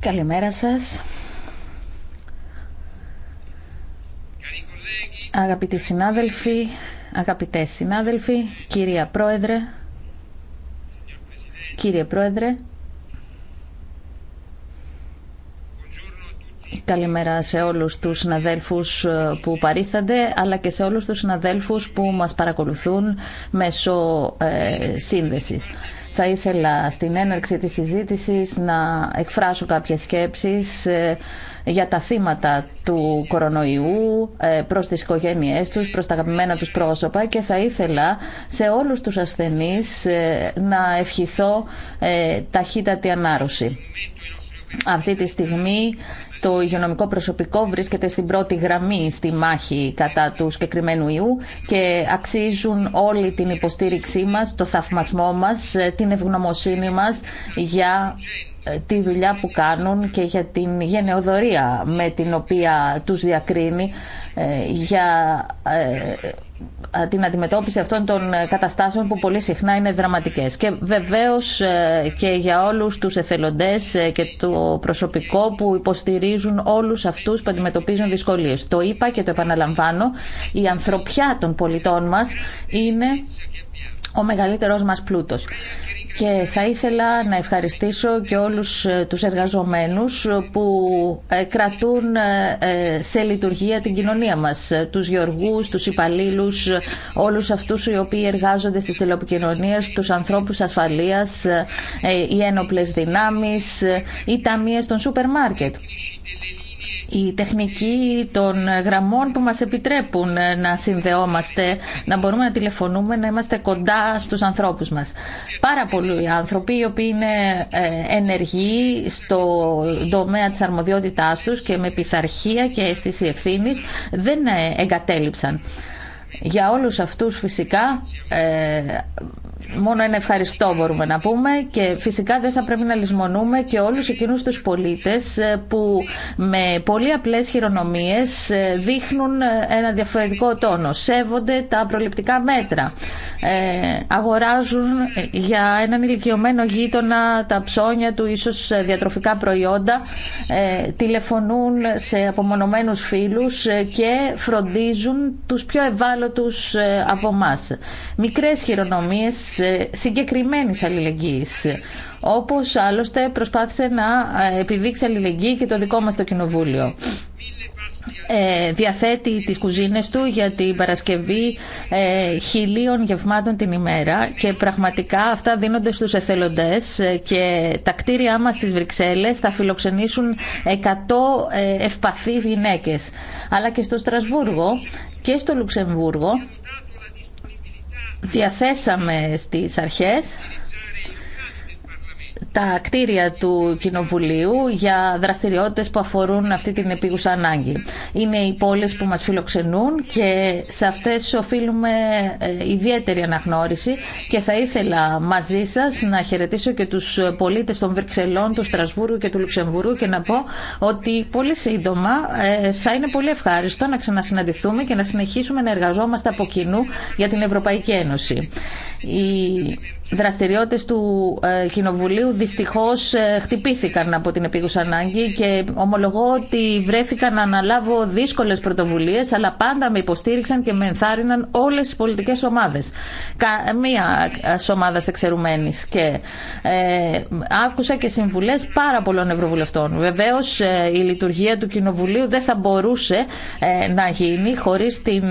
Καλημέρα σας. Αγαπητοί συνάδελφοι, αγαπητές συνάδελφοι, κυρία Πρόεδρε, κύριε Πρόεδρε, Καλημέρα σε όλους τους συναδέλφους ε, που παρήθανται, αλλά και σε όλους τους συναδέλφους που μας παρακολουθούν μέσω ε, σύνδεσης. Θα ήθελα στην έναρξη της συζήτησης να εκφράσω κάποιες σκέψεις ε, για τα θύματα του κορονοϊού, ε, προς τις οικογένειές τους, προς τα αγαπημένα τους πρόσωπα και θα ήθελα σε όλους τους ασθενείς ε, να ευχηθώ ταχύτατη ανάρρωση. Αυτή τη στιγμή το υγειονομικό προσωπικό βρίσκεται στην πρώτη γραμμή στη μάχη κατά του συγκεκριμένου ιού και αξίζουν όλη την υποστήριξή μας, το θαυμασμό μας, την ευγνωμοσύνη μας για ε, τη δουλειά που κάνουν και για την γενεοδορία με την οποία τους διακρίνει ε, για ε, ε, την αντιμετώπιση αυτών των ε, καταστάσεων που πολύ συχνά είναι δραματικές. Και βεβαίως ε, και για όλους τους εθελοντές και το προσωπικό που υποστηρίζουν όλους αυτούς που αντιμετωπίζουν δυσκολίες. Το είπα και το επαναλαμβάνω, η ανθρωπιά των πολιτών μας είναι ο μεγαλύτερός μας πλούτος. Και θα ήθελα να ευχαριστήσω και όλους ε, τους εργαζομένους που ε, κρατούν ε, σε λειτουργία την κοινωνία μας. Τους γεωργούς, τους υπαλλήλους, όλους αυτούς οι οποίοι εργάζονται στις τηλεπικοινωνίες, τους ανθρώπους ασφαλείας, οι ένοπλες δυνάμεις, οι ταμείες των σούπερ μάρκετ η τεχνική των γραμμών που μας επιτρέπουν να συνδεόμαστε, να μπορούμε να τηλεφωνούμε, να είμαστε κοντά στους ανθρώπους μας. Πάρα πολλοί άνθρωποι οι οποίοι είναι ε, ενεργοί στο τομέα της αρμοδιότητάς τους και με πειθαρχία και αίσθηση ευθύνη δεν ε, εγκατέλειψαν. Για όλους αυτούς φυσικά ε, μόνο ένα ευχαριστώ μπορούμε να πούμε και φυσικά δεν θα πρέπει να λησμονούμε και όλους εκείνους τους πολίτες ε, που με πολύ απλές χειρονομίες ε, δείχνουν ε, ένα διαφορετικό τόνο. Σέβονται τα προληπτικά μέτρα. αγοράζουν για έναν ηλικιωμένο γείτονα τα ψώνια του, ίσως διατροφικά προϊόντα. τηλεφωνούν σε απομονωμένους φίλους και φροντίζουν τους πιο ευάλωτους από εμά. Μικρές χειρονομίες ε, συγκεκριμένης αλληλεγγύη. Όπως άλλωστε προσπάθησε να ε, επιδείξει αλληλεγγύη και το δικό μας το κοινοβούλιο ε, διαθέτει τις κουζίνες του για την Παρασκευή χιλίων γευμάτων την ημέρα και πραγματικά αυτά δίνονται στους εθελοντές και τα κτίρια μας στις Βρυξέλλες θα φιλοξενήσουν 100 ευπαθείς γυναίκες αλλά και στο Στρασβούργο και στο Λουξεμβούργο διαθέσαμε στις αρχές τα κτίρια του Κοινοβουλίου για δραστηριότητες που αφορούν αυτή την επίγουσα ανάγκη. Είναι οι πόλεις που μας φιλοξενούν και σε αυτές οφείλουμε ε, ιδιαίτερη αναγνώριση και θα ήθελα μαζί σας να χαιρετήσω και τους πολίτες των Βερξελών, του Στρασβούρου και του Λουξεμβούργου και να πω ότι πολύ σύντομα ε, θα είναι πολύ ευχάριστο να ξανασυναντηθούμε και να συνεχίσουμε να εργαζόμαστε από κοινού για την Ευρωπαϊκή Ένωση δραστηριότητες του ε, Κοινοβουλίου δυστυχώς ε, χτυπήθηκαν από την επίγουσα ανάγκη και ομολογώ ότι βρέθηκαν να αναλάβω δύσκολες πρωτοβουλίες αλλά πάντα με υποστήριξαν και με ενθάρρυναν όλες οι πολιτικές ομάδες. Καμία ομάδα εξαιρουμένης και ε, άκουσα και συμβουλές πάρα πολλών ευρωβουλευτών. Βεβαίως η λειτουργία του Κοινοβουλίου δεν θα μπορούσε να γίνει χωρίς την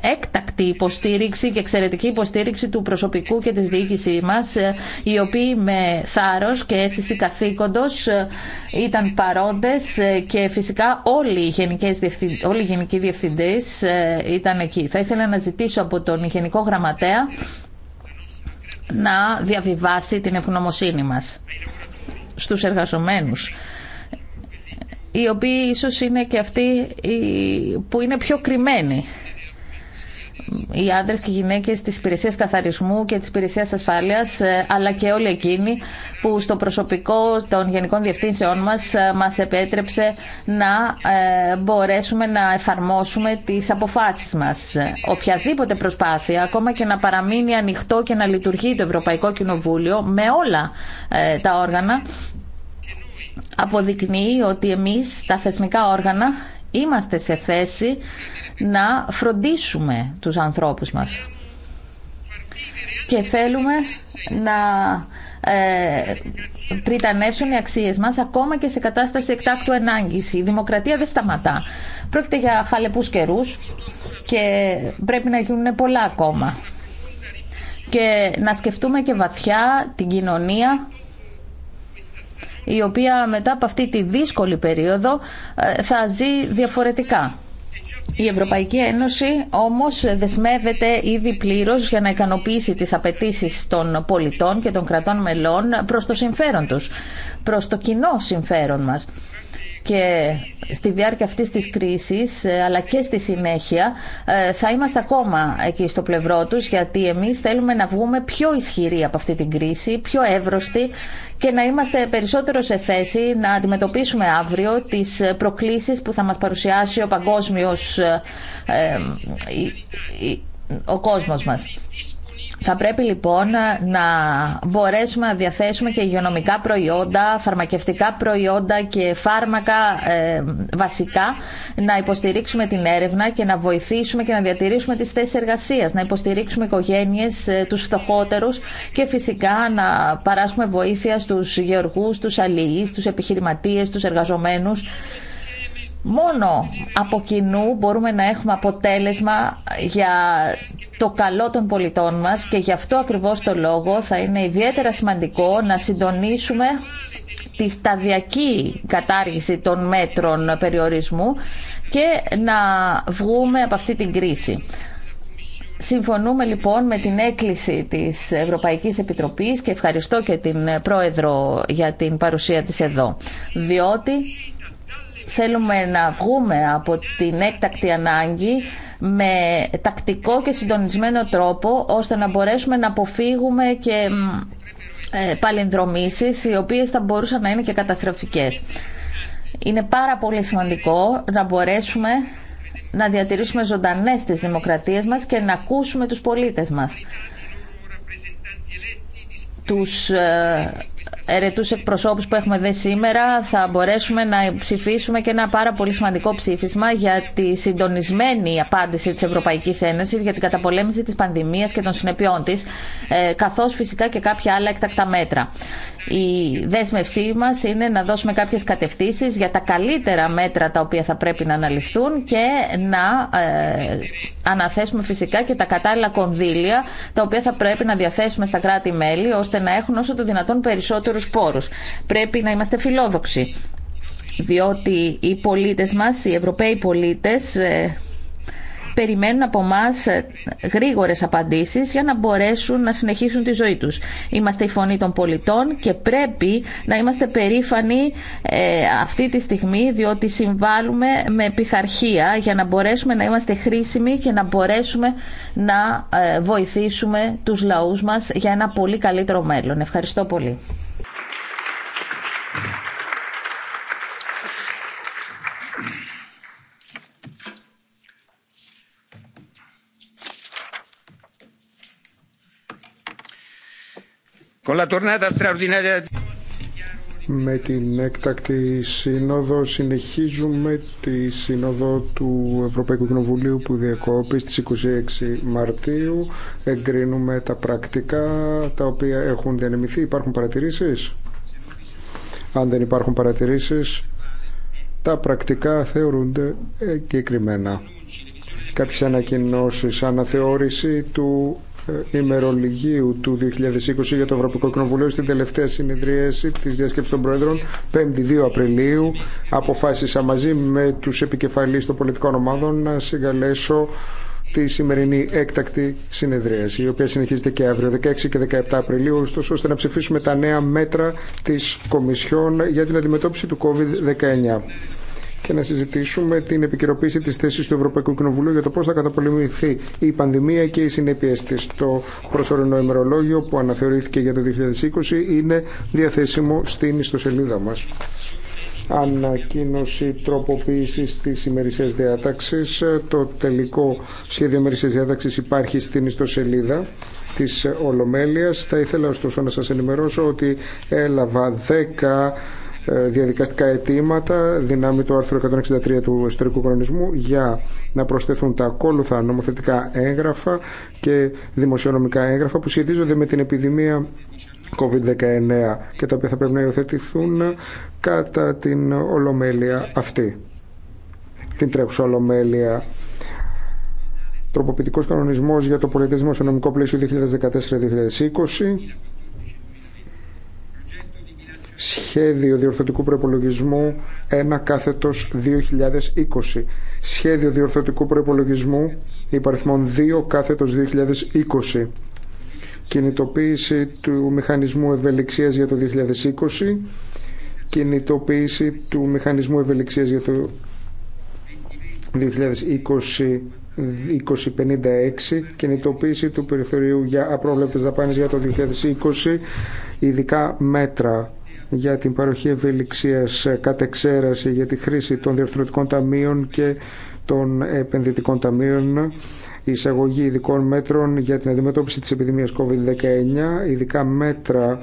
έκτακτη υποστήριξη και εξαιρετική υποστήριξη του προσωπικού και της διοίκησης μας ε, οι οποίοι με θάρρος και αίσθηση καθήκοντος ε, ήταν παρόντες ε, και φυσικά όλοι οι, γενικές όλοι οι γενικοί διευθυντές ήταν εκεί. Θα ήθελα να ζητήσω από τον Γενικό Γραμματέα να διαβιβάσει την ευγνωμοσύνη μας στους εργαζομένους οι οποίοι ίσως είναι και αυτοί που είναι πιο κρυμμένοι οι άντρες και οι γυναίκες της Υπηρεσία καθαρισμού και της υπηρεσία ασφάλειας ε, αλλά και όλοι εκείνοι που στο προσωπικό των γενικών διευθύνσεών μας ε, μας επέτρεψε να ε, μπορέσουμε να εφαρμόσουμε τις αποφάσεις μας. Οποιαδήποτε προσπάθεια, ακόμα και να παραμείνει ανοιχτό και να λειτουργεί το Ευρωπαϊκό Κοινοβούλιο με όλα τα όργανα, αποδεικνύει ότι εμείς τα θεσμικά όργανα είμαστε σε θέση να φροντίσουμε τους ανθρώπους μας. Και θέλουμε να ε, πριτανεύσουν οι αξίες μας ακόμα και σε κατάσταση εκτάκτου ανάγκης. Η δημοκρατία δεν σταματά. Πρόκειται για χαλεπούς καιρούς και πρέπει να γίνουν πολλά ακόμα. Και να σκεφτούμε και βαθιά την κοινωνία η οποία μετά από αυτή τη δύσκολη περίοδο ε, θα ζει διαφορετικά. Η Ευρωπαϊκή Ένωση όμως δεσμεύεται ήδη πλήρως για να ικανοποιήσει τις απαιτήσει των πολιτών και των κρατών μελών προς το συμφέρον τους, προς το κοινό συμφέρον μας και στη διάρκεια αυτής της κρίσης ε, αλλά και στη συνέχεια ε, θα είμαστε ακόμα εκεί στο πλευρό τους γιατί εμείς θέλουμε να βγούμε πιο ισχυροί από αυτή την κρίση, πιο εύρωστοι και να είμαστε περισσότερο σε θέση να αντιμετωπίσουμε αύριο τις προκλήσεις που θα μας παρουσιάσει ο παγκόσμιος ε, ο κόσμος μας. Θα πρέπει λοιπόν να μπορέσουμε να διαθέσουμε και υγειονομικά προϊόντα, φαρμακευτικά προϊόντα και φάρμακα ε, βασικά, να υποστηρίξουμε την έρευνα και να βοηθήσουμε και να διατηρήσουμε τις θέσεις εργασίας, να υποστηρίξουμε οικογένειες, ε, τους φτωχότερους και φυσικά να παράσχουμε βοήθεια στους γεωργούς, τους αλληλείς, τους επιχειρηματίες, τους εργαζομένους Μόνο από κοινού μπορούμε να έχουμε αποτέλεσμα για το καλό των πολιτών μας και γι' αυτό ακριβώς το λόγο θα είναι ιδιαίτερα σημαντικό να συντονίσουμε τη σταδιακή κατάργηση των μέτρων περιορισμού και να βγούμε από αυτή την κρίση. Συμφωνούμε λοιπόν με την έκκληση της Ευρωπαϊκής Επιτροπής και ευχαριστώ και την Πρόεδρο για την παρουσία της εδώ, διότι θέλουμε να βγούμε από την έκτακτη ανάγκη με τακτικό και συντονισμένο τρόπο ώστε να μπορέσουμε να αποφύγουμε και ε, παλινδρομήσεις οι οποίες θα μπορούσαν να είναι και καταστροφικές. Είναι πάρα πολύ σημαντικό να μπορέσουμε να διατηρήσουμε ζωντανές τις δημοκρατίες μας και να ακούσουμε τους πολίτες μας. Τους ε, ερετούς εκπροσώπους που έχουμε δει σήμερα θα μπορέσουμε να ψηφίσουμε και ένα πάρα πολύ σημαντικό ψήφισμα για τη συντονισμένη απάντηση της Ευρωπαϊκής Ένωσης για την καταπολέμηση της πανδημίας και των συνεπειών της ε, καθώς φυσικά και κάποια άλλα εκτακτά μέτρα. Η δέσμευσή μας είναι να δώσουμε κάποιες κατευθύνσεις για τα καλύτερα μέτρα τα οποία θα πρέπει να αναλυφθούν και να ε, αναθέσουμε φυσικά και τα κατάλληλα κονδύλια τα οποία θα πρέπει να διαθέσουμε στα κράτη-μέλη ώστε να έχουν όσο το δυνατόν περισσότερο Πρέπει να είμαστε φιλόδοξοι, διότι οι πολίτες μας, οι Ευρωπαίοι πολίτες, ε, περιμένουν από εμά γρήγορες απαντήσεις για να μπορέσουν να συνεχίσουν τη ζωή τους. Είμαστε η φωνή των πολιτών και πρέπει να είμαστε περήφανοι ε, αυτή τη στιγμή διότι συμβάλλουμε με πειθαρχία για να μπορέσουμε να είμαστε χρήσιμοι και να μπορέσουμε να ε, βοηθήσουμε τους λαούς μας για ένα πολύ καλύτερο μέλλον. Ευχαριστώ πολύ. Με την έκτακτη σύνοδο συνεχίζουμε τη σύνοδο του Ευρωπαϊκού Κοινοβουλίου που διεκόπη στις 26 Μαρτίου. Εγκρίνουμε τα πρακτικά τα οποία έχουν διανεμηθεί. Υπάρχουν παρατηρήσεις. Αν δεν υπάρχουν παρατηρήσεις, τα πρακτικά θεωρούνται εγκεκριμένα. Κάποιες ανακοινώσεις, αναθεώρηση του ε, ημερολογίου του 2020 για το Ευρωπαϊκό Κοινοβουλίο στην τελευταία συνεδρίαση της Διασκέψης των Πρόεδρων 5η 2 Απριλίου αποφάσισα μαζί με τους επικεφαλείς των πολιτικών ομάδων να συγκαλέσω τη σημερινή έκτακτη συνεδρίαση, η οποία συνεχίζεται και αύριο 16 και 17 Απριλίου, ωστόσο, ώστε να ψηφίσουμε τα νέα μέτρα της Κομισιόν για την αντιμετώπιση του COVID-19 και να συζητήσουμε την επικαιροποίηση τη θέση του Ευρωπαϊκού Κοινοβουλίου για το πώ θα καταπολεμηθεί η πανδημία και οι συνέπειε τη. Το προσωρινό ημερολόγιο που αναθεωρήθηκε για το 2020 είναι διαθέσιμο στην ιστοσελίδα μα ανακοίνωση τροποποίησης της ημερησίας διάταξης. Ε, το τελικό σχέδιο ημερησίας διάταξης υπάρχει στην ιστοσελίδα της Ολομέλειας. Θα ήθελα ωστόσο να σας ενημερώσω ότι έλαβα 10 ε, διαδικαστικά αιτήματα δυνάμει του άρθρου 163 του ιστορικού κανονισμού για να προσθεθούν τα ακόλουθα νομοθετικά έγγραφα και δημοσιονομικά έγγραφα που σχετίζονται με την επιδημία COVID-19 και τα οποία θα πρέπει να υιοθετηθούν κατά την ολομέλεια αυτή, την τρέχουσα ολομέλεια. Τροποποιητικός κανονισμός για το πολιτισμό σε νομικό πλαίσιο 2014-2020 Σχέδιο διορθωτικού προπολογισμού 1 κάθετος 2020. Σχέδιο διορθωτικού προπολογισμού υπαριθμών 2 κάθετος 2020 κινητοποίηση του μηχανισμού ευελιξίας για το 2020, κινητοποίηση του μηχανισμού ευελιξίας για το 2020 2056, κινητοποίηση του περιθωρίου για απρόβλεπτες δαπάνες για το 2020, ειδικά μέτρα για την παροχή ευελιξίας εξαίρεση για τη χρήση των διευθυντικών ταμείων και των επενδυτικών ταμείων η εισαγωγή ειδικών μέτρων για την αντιμετώπιση της επιδημίας COVID-19, ειδικά μέτρα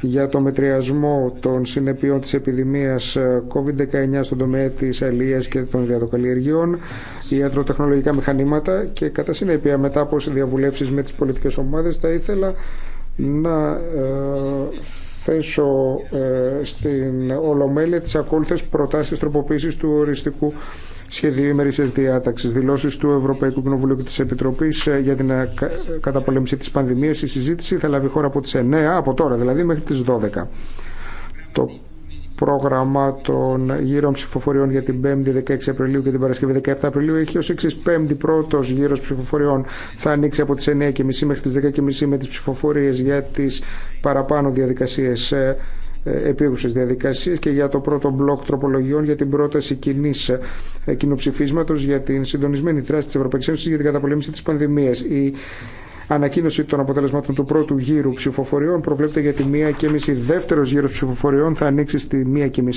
για το μετριασμό των συνεπειών της επιδημίας ε, COVID-19 στον τομέα της αλίας και των διαδοκαλλιεργειών, ιατροτεχνολογικά μηχανήματα και κατά συνέπεια μετά από διαβουλεύσεις με τις πολιτικές ομάδες θα ήθελα να ε, θέσω ε, στην Ολομέλεια τις ακόλουθες προτάσεις τροποποίησης του οριστικού σχέδιο ημερήσια διάταξη, δηλώσει του Ευρωπαϊκού Κοινοβουλίου και τη Επιτροπή ε, για την ε, ε, καταπολέμηση τη πανδημία. Η συζήτηση θα λάβει χώρα από τι 9, από τώρα δηλαδή, μέχρι τι 12. Το πρόγραμμα των γύρων ψηφοφοριών για την 5η 16 Απριλίου και την Παρασκευή 17 Απριλίου έχει ω εξή. πρώτο γύρο ψηφοφοριών θα ανοίξει από τι 9.30 μέχρι τι 10.30 με τι ψηφοφορίε για τι παραπάνω διαδικασίε ε, επίγουσες διαδικασίες και για το πρώτο μπλοκ τροπολογιών για την πρόταση κοινή ε, κοινοψηφίσματος για την συντονισμένη δράση της Ευρωπαϊκής Ένωσης για την καταπολέμηση της πανδημίας. Η Ανακοίνωση των αποτελεσμάτων του πρώτου γύρου ψηφοφοριών προβλέπεται για τη 1.30. Δεύτερο γύρο ψηφοφοριών θα ανοίξει στη 1.30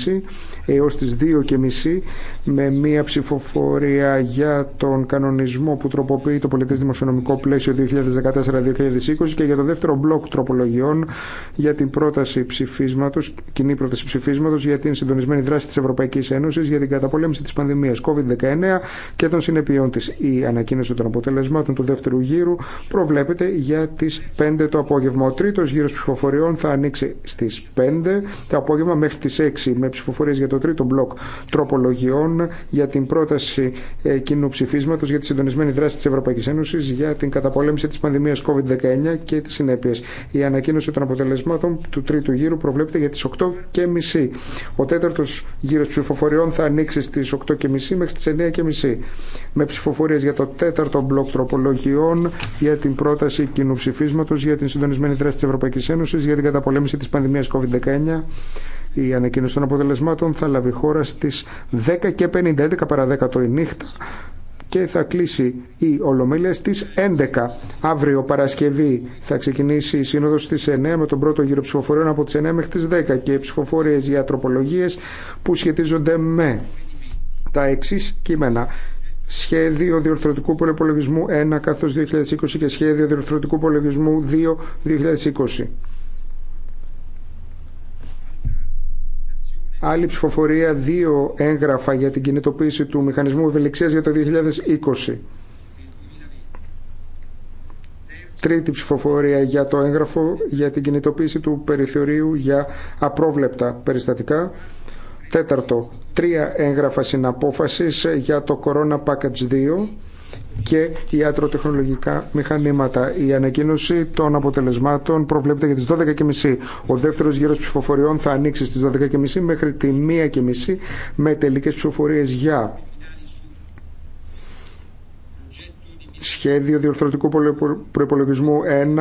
έω τι 2.30 με μια ψηφοφορία για τον κανονισμό που τροποποιεί το πολιτέ δημοσιονομικό πλαίσιο 2014-2020 και για το δεύτερο μπλοκ τροπολογιών για την πρόταση ψηφίσματος, κοινή πρόταση ψηφίσματο για την συντονισμένη δράση τη Ευρωπαϊκή Ένωση για την καταπολέμηση τη πανδημία COVID-19 και των συνεπειών τη. Η ανακοίνωση των αποτελεσμάτων του δεύτερου γύρου προβλέπεται βλέπετε για τις 5 το απόγευμα. Ο τρίτο γύρος ψηφοφοριών θα ανοίξει στις 5 το απόγευμα μέχρι τις 6 με ψηφοφορίες για το τρίτο μπλοκ τροπολογιών για την πρόταση ε, κοινού ψηφίσματος για τη συντονισμένη δράση της Ευρωπαϊκής Ένωσης για την καταπολέμηση της πανδημίας COVID-19 και τι συνέπειε. Η ανακοίνωση των αποτελεσμάτων του τρίτου γύρου προβλέπεται για τις 8 και μισή. Ο τέταρτο γύρος ψηφοφοριών θα ανοίξει στις 8 και μισή μέχρι τις 9 και μισή με ψηφοφορίες για το τέταρτο μπλοκ τροπολογιών για την πρόταση πρόταση κοινού ψηφίσματο για την συντονισμένη δράση τη Ευρωπαϊκή Ένωση για την καταπολέμηση τη πανδημία COVID-19. Η ανακοίνωση των αποτελεσμάτων θα λάβει χώρα στι 10 και 50, 11 παρα 10 το η νύχτα και θα κλείσει η Ολομέλεια στις 11. Αύριο Παρασκευή θα ξεκινήσει η Σύνοδος στις 9 με τον πρώτο γύρο ψηφοφορίων από τις 9 μέχρι τις 10 και οι ψηφοφορίες για τροπολογίες που σχετίζονται με τα εξή κείμενα σχέδιο διορθωτικού πολυπολογισμού 1 καθώς 2020 και σχέδιο διορθωτικού πολυπολογισμού 2 2020. Άλλη ψηφοφορία, δύο έγγραφα για την κινητοποίηση του μηχανισμού ευελιξίας για το 2020. Τρίτη ψηφοφορία για το έγγραφο για την κινητοποίηση του περιθωρίου για απρόβλεπτα περιστατικά. Τέταρτο, τρία έγγραφα συναπόφασης για το Corona Package 2 και ιατροτεχνολογικά μηχανήματα. Η ανακοίνωση των αποτελεσμάτων προβλέπεται για τις 12.30. Ο δεύτερος γύρος ψηφοφοριών θα ανοίξει στις 12.30 μέχρι τη 1.30 με τελικές ψηφοφορίες για σχέδιο διορθωτικού προπολογισμού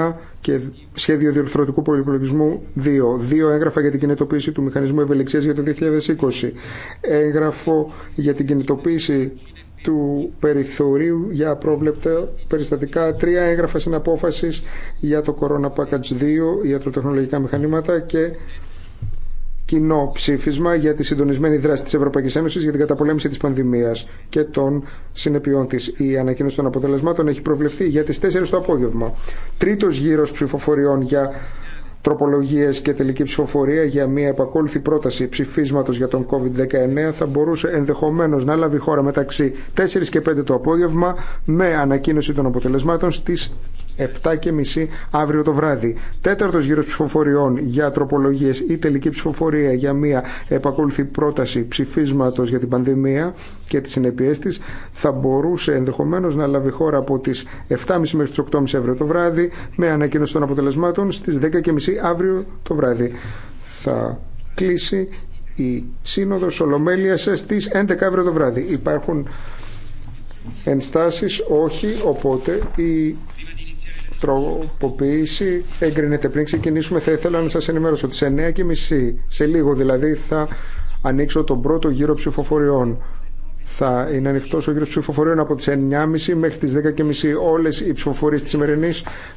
1 και σχέδιο διορθωτικού προπολογισμού 2. Δύο έγγραφα για την κινητοποίηση του μηχανισμού ευελιξίας για το 2020. Έγγραφο για την κινητοποίηση του περιθωρίου για απρόβλεπτα περιστατικά. Τρία έγγραφα συναπόφασης για το Corona Package 2, ιατροτεχνολογικά μηχανήματα και κοινό ψήφισμα για τη συντονισμένη δράση τη Ευρωπαϊκή Ένωση για την καταπολέμηση τη πανδημία και των συνεπειών τη. Η ανακοίνωση των αποτελεσμάτων έχει προβλεφθεί για τι 4 το απόγευμα. Τρίτο γύρο ψηφοφοριών για τροπολογίε και τελική ψηφοφορία για μια επακόλουθη πρόταση ψηφίσματο για τον COVID-19 θα μπορούσε ενδεχομένω να λάβει χώρα μεταξύ 4 και 5 το απόγευμα με ανακοίνωση των αποτελεσμάτων στι 7.30 αύριο το βράδυ. Τέταρτος γύρο ψηφοφοριών για τροπολογίε ή τελική ψηφοφορία για μία επακολουθή πρόταση ψηφίσματο για την πανδημία και τι συνέπειές τη, θα μπορούσε ενδεχομένω να λάβει χώρα από τι 7.30 μέχρι τι 8.30 αύριο το βράδυ με ανακοίνωση των αποτελεσμάτων στις 10.30 αύριο το βράδυ. Θα κλείσει η Σύνοδος Ολομέλειας στις 11 αύριο το βράδυ. Υπάρχουν ενστάσεις, όχι, οπότε η τροποποίηση εγκρίνεται. Πριν ξεκινήσουμε θα ήθελα να σας ενημερώσω ότι σε 9.30 σε λίγο δηλαδή θα ανοίξω τον πρώτο γύρο ψηφοφοριών. Θα είναι ανοιχτό ο γύρο ψηφοφορίων από τι 9.30 μέχρι τι 10.30. Όλε οι ψηφοφορίε τη σημερινή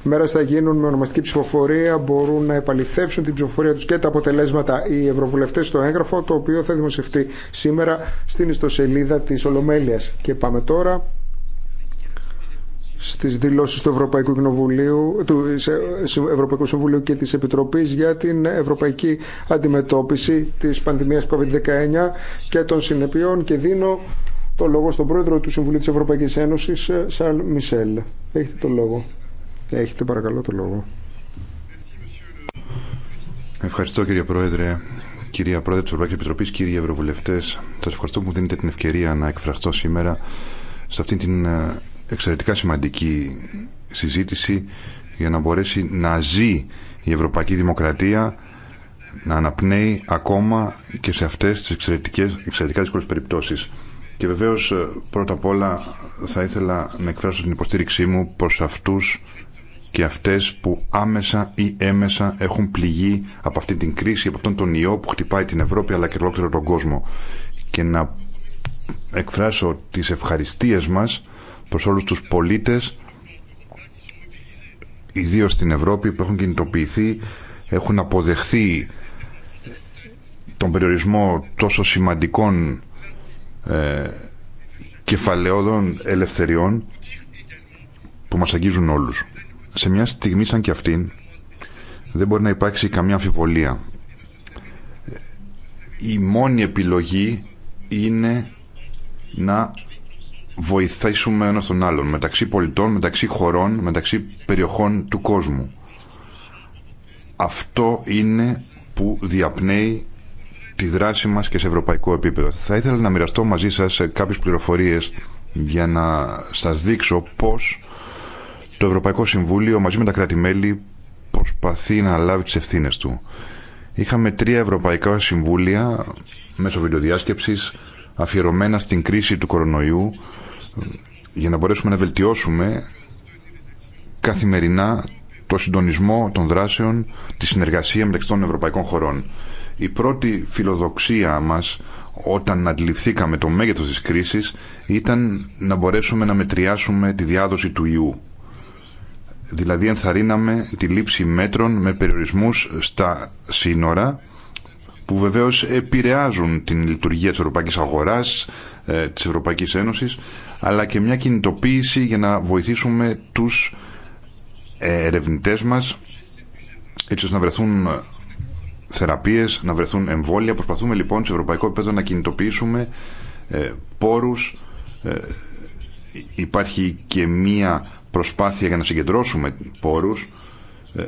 μέρα θα γίνουν με ονομαστική ψηφοφορία. Μπορούν να επαληθεύσουν την ψηφοφορία του και τα αποτελέσματα οι ευρωβουλευτέ στο έγγραφο, το οποίο θα δημοσιευτεί σήμερα στην ιστοσελίδα τη Ολομέλεια. Και πάμε τώρα στις δηλώσεις του Ευρωπαϊκού, Κοινοβουλίου, του Ευρωπαϊκού Συμβουλίου και της Επιτροπής για την ευρωπαϊκή αντιμετώπιση της πανδημίας COVID-19 και των συνεπειών και δίνω το λόγο στον πρόεδρο του Συμβουλίου της Ευρωπαϊκής Ένωσης, ε, Σαρλ Μισελ. Έχετε το λόγο. Έχετε παρακαλώ το λόγο. Ευχαριστώ κύριε Πρόεδρε, κυρία Πρόεδρε της Ευρωπαϊκής Επιτροπής, κύριοι Ευρωβουλευτές. Σα ευχαριστώ που μου δίνετε την ευκαιρία να εκφραστώ σήμερα σε αυτήν την ε, εξαιρετικά σημαντική συζήτηση για να μπορέσει να ζει η Ευρωπαϊκή Δημοκρατία να αναπνέει ακόμα και σε αυτές τις εξαιρετικές, εξαιρετικά δύσκολες περιπτώσεις. Και βεβαίως ε, πρώτα απ' όλα θα ήθελα να εκφράσω την υποστήριξή μου προς αυτούς και αυτές που άμεσα ή έμεσα έχουν πληγεί από αυτή την κρίση, από αυτόν τον ιό που χτυπάει την Ευρώπη αλλά και ολόκληρο τον κόσμο. Και να εκφράσω τις ευχαριστίες μας προς όλους τους πολίτες ιδίω στην Ευρώπη που έχουν κινητοποιηθεί έχουν αποδεχθεί τον περιορισμό τόσο σημαντικών ε, κεφαλαιόδων ελευθεριών που μας αγγίζουν όλους. Σε μια στιγμή σαν και αυτήν δεν μπορεί να υπάρξει καμία αμφιβολία. Η μόνη επιλογή είναι να βοηθήσουμε ένα τον άλλον μεταξύ πολιτών, μεταξύ χωρών, μεταξύ περιοχών του κόσμου. Αυτό είναι που διαπνέει τη δράση μας και σε ευρωπαϊκό επίπεδο. Θα ήθελα να μοιραστώ μαζί σας κάποιες πληροφορίες για να σας δείξω πώς το Ευρωπαϊκό Συμβούλιο μαζί με τα κράτη-μέλη προσπαθεί να λάβει τις ευθύνε του. Είχαμε τρία Ευρωπαϊκά Συμβούλια μέσω βιντεοδιάσκεψης αφιερωμένα στην κρίση του κορονοϊού για να μπορέσουμε να βελτιώσουμε καθημερινά το συντονισμό των δράσεων, τη συνεργασία μεταξύ των ευρωπαϊκών χωρών. Η πρώτη φιλοδοξία μας όταν αντιληφθήκαμε το μέγεθος της κρίσης ήταν να μπορέσουμε να μετριάσουμε τη διάδοση του ιού. Δηλαδή ενθαρρύναμε τη λήψη μέτρων με περιορισμούς στα σύνορα που βεβαίως επηρεάζουν την λειτουργία της ευρωπαϊκής αγοράς, ε, της Ευρωπαϊκής Ένωσης, αλλά και μια κινητοποίηση για να βοηθήσουμε τους ε, ερευνητές μας έτσι ώστε να βρεθούν θεραπείες, να βρεθούν εμβόλια. Προσπαθούμε λοιπόν σε ευρωπαϊκό επίπεδο να κινητοποιήσουμε ε, πόρους. Ε, υπάρχει και μία προσπάθεια για να συγκεντρώσουμε πόρους. Ε,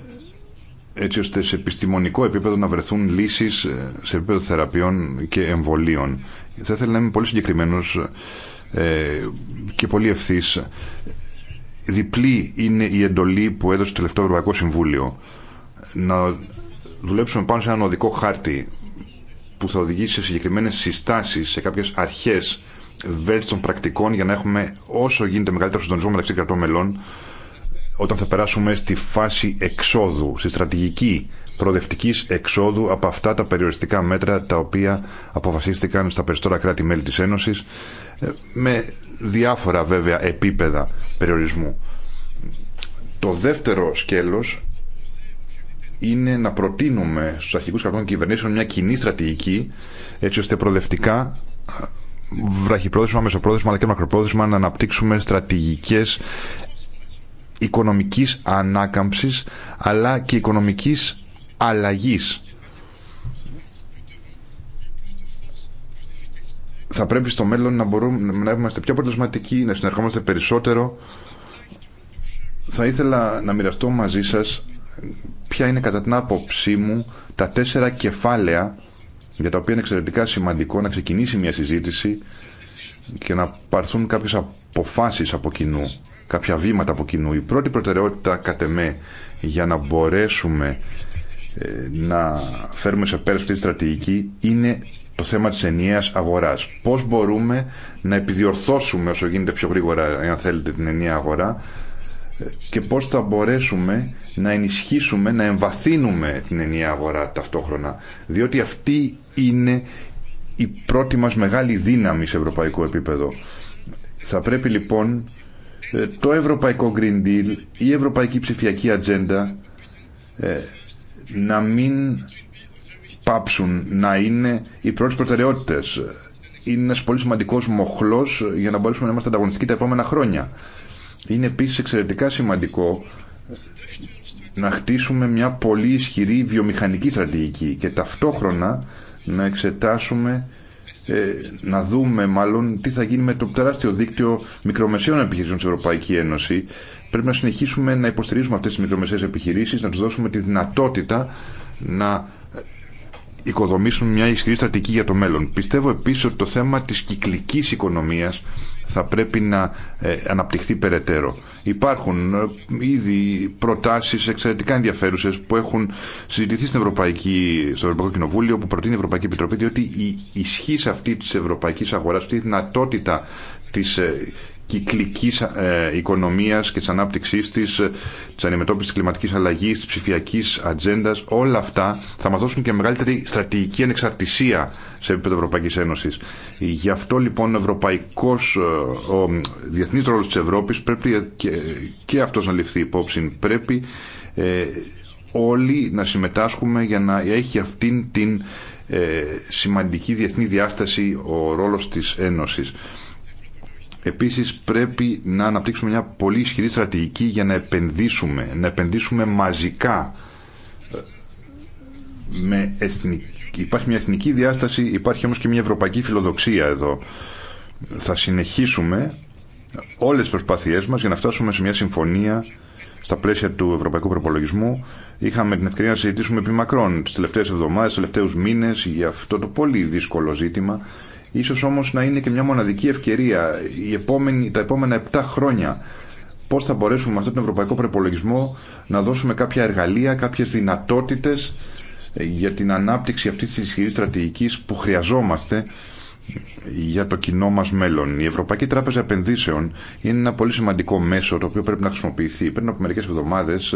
έτσι ώστε σε επιστημονικό επίπεδο να βρεθούν λύσεις ε, σε επίπεδο θεραπείων και εμβολίων. Θα ήθελα να είμαι πολύ συγκεκριμένος ε, και πολύ ευθύ. Διπλή είναι η εντολή που έδωσε το τελευταίο Ευρωπαϊκό Συμβούλιο. Να δουλέψουμε πάνω σε έναν οδικό χάρτη που θα οδηγήσει σε συγκεκριμένες συστάσεις, σε κάποιες αρχές βέλτιστων πρακτικών για να έχουμε όσο γίνεται μεγαλύτερο συντονισμό μεταξύ κρατών μελών όταν θα περάσουμε στη φάση εξόδου, στη στρατηγική προοδευτική εξόδου από αυτά τα περιοριστικά μέτρα τα οποία αποφασίστηκαν στα περισσότερα κράτη-μέλη της Ένωσης ε, με διάφορα βέβαια επίπεδα περιορισμού. Το δεύτερο σκέλος είναι να προτείνουμε στους αρχικούς κρατών κυβερνήσεων μια κοινή στρατηγική έτσι ώστε προοδευτικά ε, βραχυπρόθεσμα, μεσοπρόθεσμα αλλά και μακροπρόθεσμα να αναπτύξουμε στρατηγικές οικονομικής ανάκαμψης αλλά και οικονομικής αλλαγής. Θα πρέπει στο μέλλον να μπορούμε να είμαστε πιο αποτελεσματικοί, να συνεργόμαστε περισσότερο. Θα ήθελα να μοιραστώ μαζί σας ποια είναι κατά την άποψή μου τα τέσσερα κεφάλαια για τα οποία είναι εξαιρετικά σημαντικό να ξεκινήσει μια συζήτηση και να παρθούν κάποιες αποφάσεις από κοινού κάποια βήματα από κοινού. Η πρώτη προτεραιότητα κατ' εμέ για να μπορέσουμε ε, να φέρουμε σε πέρα αυτή τη στρατηγική είναι το θέμα της ενιαίας αγοράς. Πώς μπορούμε να επιδιορθώσουμε όσο γίνεται πιο γρήγορα, αν θέλετε, την ενιαία αγορά ε, και πώς θα μπορέσουμε να ενισχύσουμε, να εμβαθύνουμε την ενιαία αγορά ταυτόχρονα. Διότι αυτή είναι η πρώτη μας μεγάλη δύναμη σε ευρωπαϊκό επίπεδο. Θα πρέπει λοιπόν ε, το Ευρωπαϊκό Green Deal, η Ευρωπαϊκή Ψηφιακή Ατζέντα ε, να μην πάψουν να είναι οι πρώτες προτεραιότητες. Είναι ένας πολύ σημαντικός μοχλός για να μπορέσουμε να είμαστε ανταγωνιστικοί τα επόμενα χρόνια. Είναι επίσης εξαιρετικά σημαντικό να χτίσουμε μια πολύ ισχυρή βιομηχανική στρατηγική και ταυτόχρονα να εξετάσουμε ε, να δούμε μάλλον τι θα γίνει με το τεράστιο δίκτυο μικρομεσαίων επιχειρήσεων στην Ευρωπαϊκή Ένωση. Πρέπει να συνεχίσουμε να υποστηρίζουμε αυτές τις μικρομεσαίες επιχειρήσεις, να τους δώσουμε τη δυνατότητα να οικοδομήσουν μια ισχυρή στρατηγική για το μέλλον. Πιστεύω επίσης ότι το θέμα της κυκλικής οικονομίας θα πρέπει να ε, αναπτυχθεί περαιτέρω. Υπάρχουν ε, ήδη προτάσει εξαιρετικά ενδιαφέρουσε που έχουν συζητηθεί στην Ευρωπαϊκή, στο Ευρωπαϊκό Κοινοβούλιο, που προτείνει η Ευρωπαϊκή Επιτροπή, διότι η ισχύ αυτή τη ευρωπαϊκή αγορά, αυτή η δυνατότητα τη ε, κυκλικής ε, οικονομία και τη ανάπτυξή τη, ε, τη αντιμετώπιση τη κλιματικής αλλαγής, τη ψηφιακής ατζέντα, όλα αυτά θα μας δώσουν και μεγαλύτερη στρατηγική ανεξαρτησία σε επίπεδο Ευρωπαϊκή Ένωση. Γι' αυτό λοιπόν ο ευρωπαϊκός, ε, ο διεθνής ρόλος της Ευρώπης πρέπει και, αυτός να ληφθεί υπόψη. Πρέπει ε, όλοι να συμμετάσχουμε για να έχει αυτήν την σημαντική διεθνή διάσταση ο ρόλος της Ένωσης. Επίσης πρέπει να αναπτύξουμε μια πολύ ισχυρή στρατηγική για να επενδύσουμε, να επενδύσουμε μαζικά. Ε, με εθνική, υπάρχει μια εθνική διάσταση, υπάρχει όμως και μια ευρωπαϊκή φιλοδοξία εδώ. Θα συνεχίσουμε όλες τις προσπάθειές μας για να φτάσουμε σε μια συμφωνία στα πλαίσια του ευρωπαϊκού προπολογισμού. Είχαμε την ευκαιρία να συζητήσουμε επί μακρόν τις τελευταίες εβδομάδες, τις τελευταίου μήνες για αυτό το πολύ δύσκολο ζήτημα Ίσως όμως να είναι και μια μοναδική ευκαιρία η επόμενη, τα επόμενα 7 χρόνια πώς θα μπορέσουμε με αυτόν τον ευρωπαϊκό προπολογισμό να δώσουμε κάποια εργαλεία, κάποιες δυνατότητες ε, για την ανάπτυξη αυτής της ισχυρής στρατηγικής που χρειαζόμαστε για το κοινό μας μέλλον. Η Ευρωπαϊκή Τράπεζα Επενδύσεων είναι ένα πολύ σημαντικό μέσο το οποίο πρέπει να χρησιμοποιηθεί. Πριν από μερικές εβδομάδες,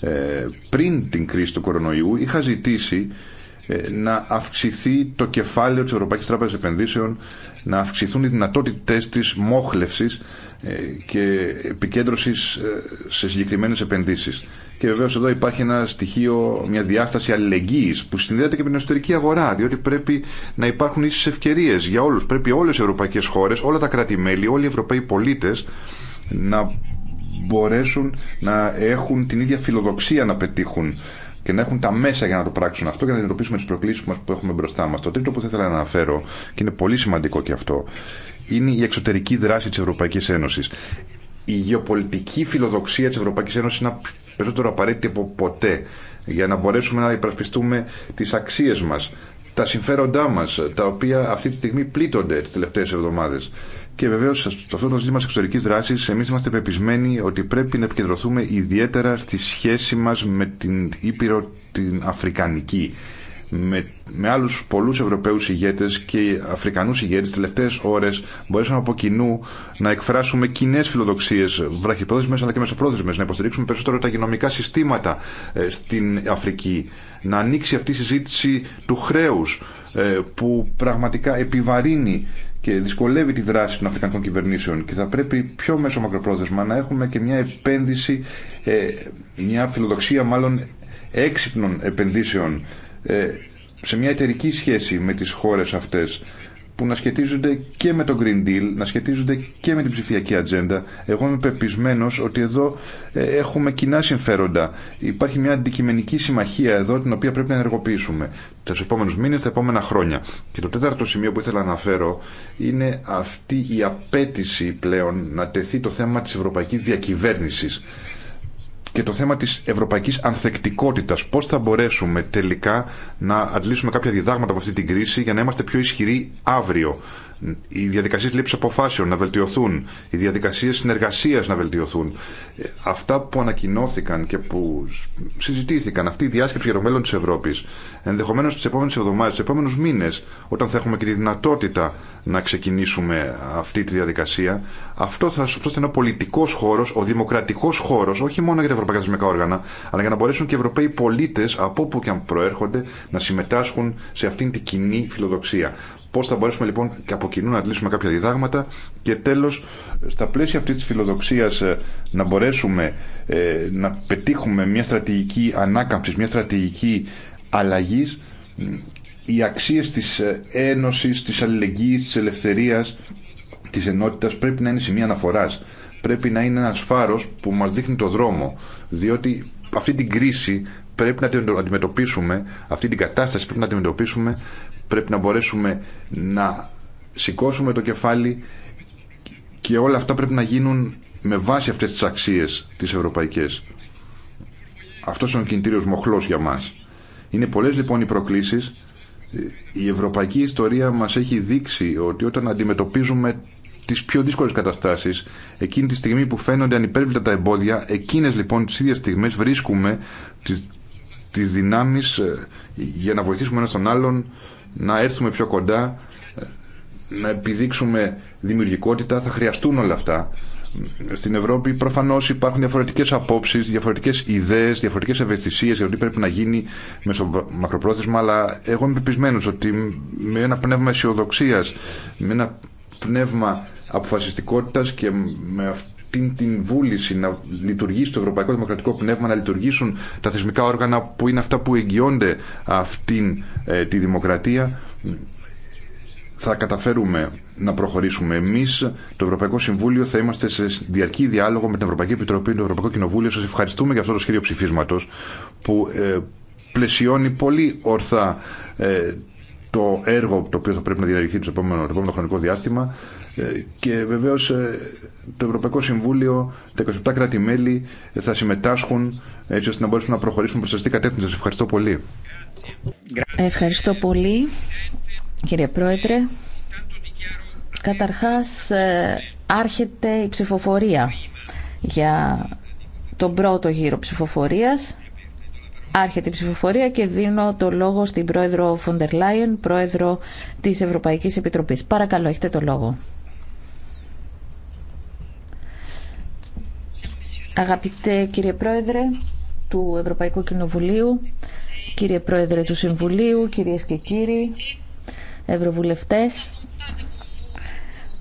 ε, πριν την κρίση του κορονοϊού, είχα ζητήσει ε, να αυξηθεί το κεφάλαιο της Ευρωπαϊκής Τράπεζας Επενδύσεων, να αυξηθούν οι δυνατότητές της μόχλευσης ε, και επικέντρωσης ε, σε συγκεκριμένες επενδύσεις. Και βεβαίως εδώ υπάρχει ένα στοιχείο, μια διάσταση αλληλεγγύης που συνδέεται και με την εσωτερική αγορά, διότι πρέπει να υπάρχουν ίσες ευκαιρίες για όλους. Πρέπει όλες οι ευρωπαϊκές χώρες, όλα τα κράτη-μέλη, όλοι οι ευρωπαίοι πολίτες να μπορέσουν να έχουν την ίδια φιλοδοξία να πετύχουν και να έχουν τα μέσα για να το πράξουν αυτό και να αντιμετωπίσουμε τι προκλήσει που έχουμε μπροστά μα. Το τρίτο που θα ήθελα να αναφέρω, και είναι πολύ σημαντικό και αυτό, είναι η εξωτερική δράση τη Ευρωπαϊκή Ένωση. Η γεωπολιτική φιλοδοξία τη Ευρωπαϊκή Ένωση είναι περισσότερο απαραίτητη από ποτέ για να μπορέσουμε να υπερασπιστούμε τι αξίε μα, τα συμφέροντά μα, τα οποία αυτή τη στιγμή πλήττονται τι τελευταίε εβδομάδε. Και βεβαίω, σε αυτό το ζήτημα τη εξωτερική δράση, εμεί είμαστε πεπισμένοι ότι πρέπει να επικεντρωθούμε ιδιαίτερα στη σχέση μα με την Ήπειρο την Αφρικανική. Με, με άλλου πολλού Ευρωπαίου ηγέτε και Αφρικανού ηγέτε, τι τελευταίε ώρε μπορέσαμε από κοινού να εκφράσουμε κοινέ φιλοδοξίε, βραχυπρόθεσμε αλλά και μεσοπρόθεσμε, να υποστηρίξουμε περισσότερο τα υγειονομικά συστήματα ε, στην Αφρική, να ανοίξει αυτή η συζήτηση του χρέου ε, που πραγματικά επιβαρύνει και δυσκολεύει τη δράση των Αφρικανικών κυβερνήσεων και θα πρέπει πιο μέσω μακροπρόθεσμα να έχουμε και μια επένδυση, ε, μια φιλοδοξία μάλλον έξυπνων επενδύσεων ε, σε μια εταιρική σχέση με τις χώρες αυτές που να σχετίζονται και με το Green Deal, να σχετίζονται και με την ψηφιακή ατζέντα. Εγώ είμαι πεπισμένο ότι εδώ ε, έχουμε κοινά συμφέροντα. Υπάρχει μια αντικειμενική συμμαχία εδώ την οποία πρέπει να ενεργοποιήσουμε του επόμενου μήνε, τα επόμενα χρόνια. Και το τέταρτο σημείο που ήθελα να αναφέρω είναι αυτή η απέτηση πλέον να τεθεί το θέμα τη ευρωπαϊκή διακυβέρνηση και το θέμα της ευρωπαϊκής ανθεκτικότητας. Πώς θα μπορέσουμε τελικά να αντλήσουμε κάποια διδάγματα από αυτή την κρίση για να είμαστε πιο ισχυροί αύριο οι διαδικασίες λήψη αποφάσεων να βελτιωθούν, οι διαδικασίες συνεργασίας να βελτιωθούν. Ε, αυτά που ανακοινώθηκαν και που συζητήθηκαν, αυτή η διάσκεψη για το μέλλον της Ευρώπης, ενδεχομένως τις επόμενες εβδομάδες, τους επόμενους μήνες, όταν θα έχουμε και τη δυνατότητα να ξεκινήσουμε αυτή τη διαδικασία, αυτό θα, αυτό θα είναι ο πολιτικός χώρος, ο δημοκρατικός χώρος, όχι μόνο για τα ευρωπαϊκά θεσμικά όργανα, αλλά για να μπορέσουν και οι Ευρωπαίοι πολίτες, από όπου και αν προέρχονται, να συμμετάσχουν σε αυτήν την κοινή φιλοδοξία. Πώ θα μπορέσουμε λοιπόν και από κοινού να τλήσουμε κάποια διδάγματα και τέλο, στα πλαίσια αυτή τη φιλοδοξία ε, να μπορέσουμε ε, να πετύχουμε μια στρατηγική ανάκαμψη, μια στρατηγική αλλαγή, οι αξίε τη ε, ένωση, τη αλληλεγγύη, τη ελευθερία, τη ενότητα πρέπει να είναι σημεία αναφορά. Πρέπει να είναι ένα φάρο που μα δείχνει το δρόμο. Διότι αυτή την κρίση πρέπει να την αντιμετωπίσουμε, αυτή την κατάσταση πρέπει να την αντιμετωπίσουμε Πρέπει να μπορέσουμε να σηκώσουμε το κεφάλι και όλα αυτά πρέπει να γίνουν με βάση αυτές τις αξίες τις ευρωπαϊκές. Αυτός είναι ο κινητήριος μοχλός για μας. Είναι πολλές λοιπόν οι προκλήσεις. Η ευρωπαϊκή ιστορία μας έχει δείξει ότι όταν αντιμετωπίζουμε τις πιο δύσκολες καταστάσεις, εκείνη τη στιγμή που φαίνονται ανυπέρβλητα τα εμπόδια, εκείνες λοιπόν τις ίδιες στιγμές βρίσκουμε τις, δυνάμεις ε, για να βοηθήσουμε ένα τον άλλον να έρθουμε πιο κοντά, να επιδείξουμε δημιουργικότητα, θα χρειαστούν όλα αυτά. Στην Ευρώπη προφανώ υπάρχουν διαφορετικέ απόψει, διαφορετικέ ιδέε, διαφορετικέ ευαισθησίε για το τι πρέπει να γίνει μέσω μακροπρόθεσμα, αλλά εγώ είμαι πεπισμένο ότι με ένα πνεύμα αισιοδοξία, με ένα πνεύμα αποφασιστικότητα και με αυτό την, την βούληση να λειτουργήσει το ευρωπαϊκό δημοκρατικό πνεύμα, να λειτουργήσουν τα θεσμικά όργανα που είναι αυτά που εγγυώνται αυτή ε, τη δημοκρατία, θα καταφέρουμε να προχωρήσουμε εμεί. Το Ευρωπαϊκό Συμβούλιο θα είμαστε σε διαρκή διάλογο με την Ευρωπαϊκή Επιτροπή, και το Ευρωπαϊκό Κοινοβούλιο. Σα ευχαριστούμε για αυτό το σχέδιο ψηφίσματο που ε, πλαισιώνει πολύ ορθά ε, το έργο το οποίο θα πρέπει να διαρριχθεί το επόμενο, το επόμενο χρονικό διάστημα. Και βεβαίως ε, το Ευρωπαϊκό Συμβούλιο, τα 27 κράτη-μέλη ε, θα συμμετάσχουν έτσι ώστε να μπορέσουν να προχωρήσουμε προς αυτή κατεύθυνση. Σας ευχαριστώ πολύ. Ευχαριστώ πολύ κύριε Πρόεδρε. Καταρχάς ε, άρχεται η ψηφοφορία για τον πρώτο γύρο ψηφοφορίας. Άρχεται η ψηφοφορία και δίνω το λόγο στην πρόεδρο Φοντερ Λάιεν, πρόεδρο της Ευρωπαϊκής Επιτροπής. Παρακαλώ, έχετε το λόγο. Αγαπητέ κύριε Πρόεδρε του Ευρωπαϊκού Κοινοβουλίου, κύριε Πρόεδρε του Συμβουλίου, κυρίες και κύριοι, Ευρωβουλευτές,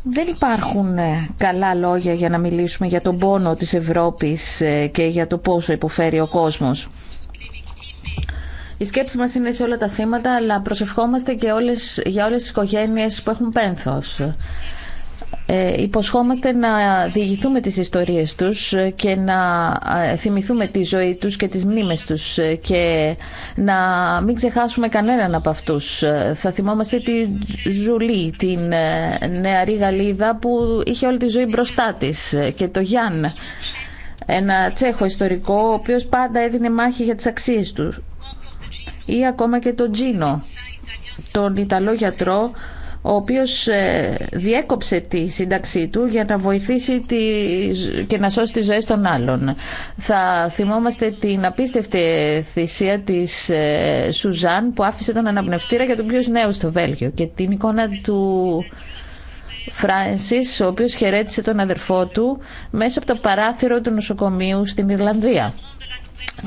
δεν υπάρχουν ε, καλά λόγια για να μιλήσουμε για τον πόνο της Ευρώπης ε, και για το πόσο υποφέρει ο κόσμος. Η σκέψη μας είναι σε όλα τα θύματα, αλλά προσευχόμαστε και όλες, για όλες τις οικογένειες που έχουν πένθος. Ε, υποσχόμαστε να διηγηθούμε τις ιστορίες τους και να ε, θυμηθούμε τη ζωή τους και τις μνήμες τους ε, και να μην ξεχάσουμε κανέναν από αυτούς. Θα θυμόμαστε τη Ζουλή, την νεαρή Γαλλίδα που είχε όλη τη ζωή μπροστά της και το Γιάν, ένα Τσέχο ιστορικό ο οποίος πάντα έδινε μάχη για τις αξίες του. Ή ακόμα και τον Τζίνο, τον Ιταλό γιατρό ο οποίος ε, διέκοψε τη σύνταξή του για να βοηθήσει τη... και να σώσει τις ζωές των άλλων. Θα θυμόμαστε την απίστευτη θυσία της ε, Σουζάν που άφησε τον αναπνευστήρα για τον πιο νέο στο Βέλγιο και την εικόνα του Φράνσις ο οποίος χαιρέτησε τον αδερφό του μέσα από το παράθυρο του νοσοκομείου στην Ιρλανδία.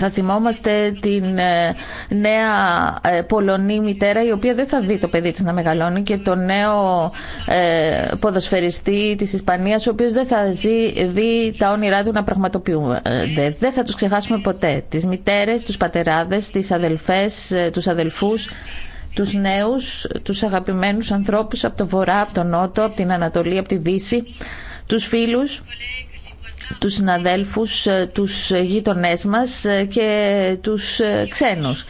Θα θυμόμαστε την ε, νέα ε, Πολωνή μητέρα η οποία δεν θα δει το παιδί της να μεγαλώνει και το νέο ε, ποδοσφαιριστή της Ισπανίας ο οποίος δεν θα δει τα όνειρά του να πραγματοποιούνται. Δεν θα τους ξεχάσουμε ποτέ. Τις μητέρες, τους πατεράδες, τις αδελφές, τους αδελφούς τους νέους, τους αγαπημένους ανθρώπους από το βορρά, από τον νότο, από την Ανατολή, από τη Δύση, τους φίλους τους συναδέλφους, ε, τους γείτονές μας ε, και τους ε, ξένους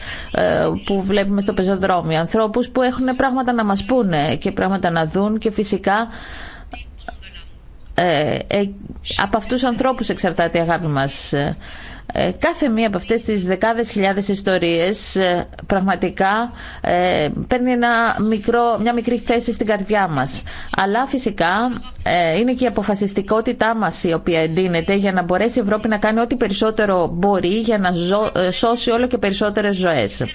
που βλέπουμε στο πεζοδρόμιο. Ανθρώπους που έχουν πράγματα να μας πούνε και πράγματα να δουν και φυσικά από αυτούς τους ανθρώπους εξαρτάται η αγάπη μας. Ε, κάθε μία από αυτές τις δεκάδες χιλιάδες ιστορίες ε, πραγματικά ε, παίρνει ένα μικρό, μια μικρή θέση στην καρδιά μας. Αλλά φυσικά παιρνει μικρο μια μικρη θεση στην καρδια μας αλλα φυσικα ειναι και η αποφασιστικότητά μας η οποία εντείνεται για να μπορέσει η Ευρώπη να κάνει ό,τι περισσότερο μπορεί για να ζω, ε, σώσει όλο και περισσότερες ζωές.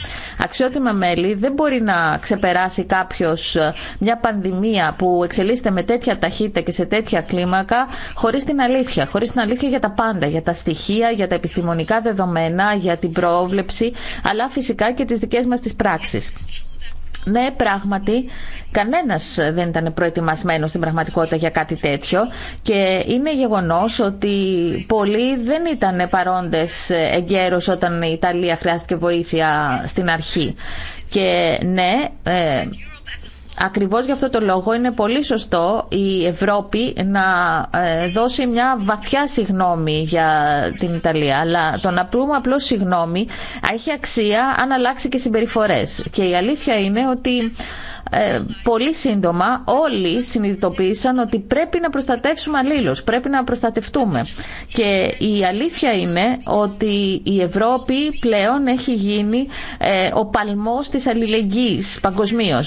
Αξιότιμα μέλη δεν μπορεί να ξεπεράσει κάποιος μια πανδημία που εξελίσσεται με τέτοια ταχύτητα και σε τέτοια κλίμακα χωρίς την αλήθεια. Χωρίς την αλήθεια για τα πάντα, για τα στοιχεία, για τα επιστημονικά επιστημονικά δεδομένα, για την πρόβλεψη, αλλά φυσικά και τις δικές μας τις πράξεις. Ναι, πράγματι, κανένας δεν ήταν προετοιμασμένο στην πραγματικότητα για κάτι τέτοιο και είναι γεγονό ότι πολλοί δεν ήταν παρόντε εγκαίρω όταν η Ιταλία χρειάστηκε βοήθεια στην αρχή. Και ναι, ε, Ακριβώς γι' αυτό το λόγο είναι πολύ σωστό η Ευρώπη να ε, δώσει μια βαθιά συγνώμη για την Ιταλία. Αλλά το να πούμε απλώς συγνώμη έχει αξία αν αλλάξει και συμπεριφορές. Και η αλήθεια είναι ότι ε, πολύ σύντομα όλοι συνειδητοποίησαν ότι πρέπει να προστατεύσουμε αλλήλως, πρέπει να προστατευτούμε. Και η αλήθεια είναι ότι η Ευρώπη πλέον έχει γίνει ε, ο παλμός της αλληλεγγύης παγκοσμίω.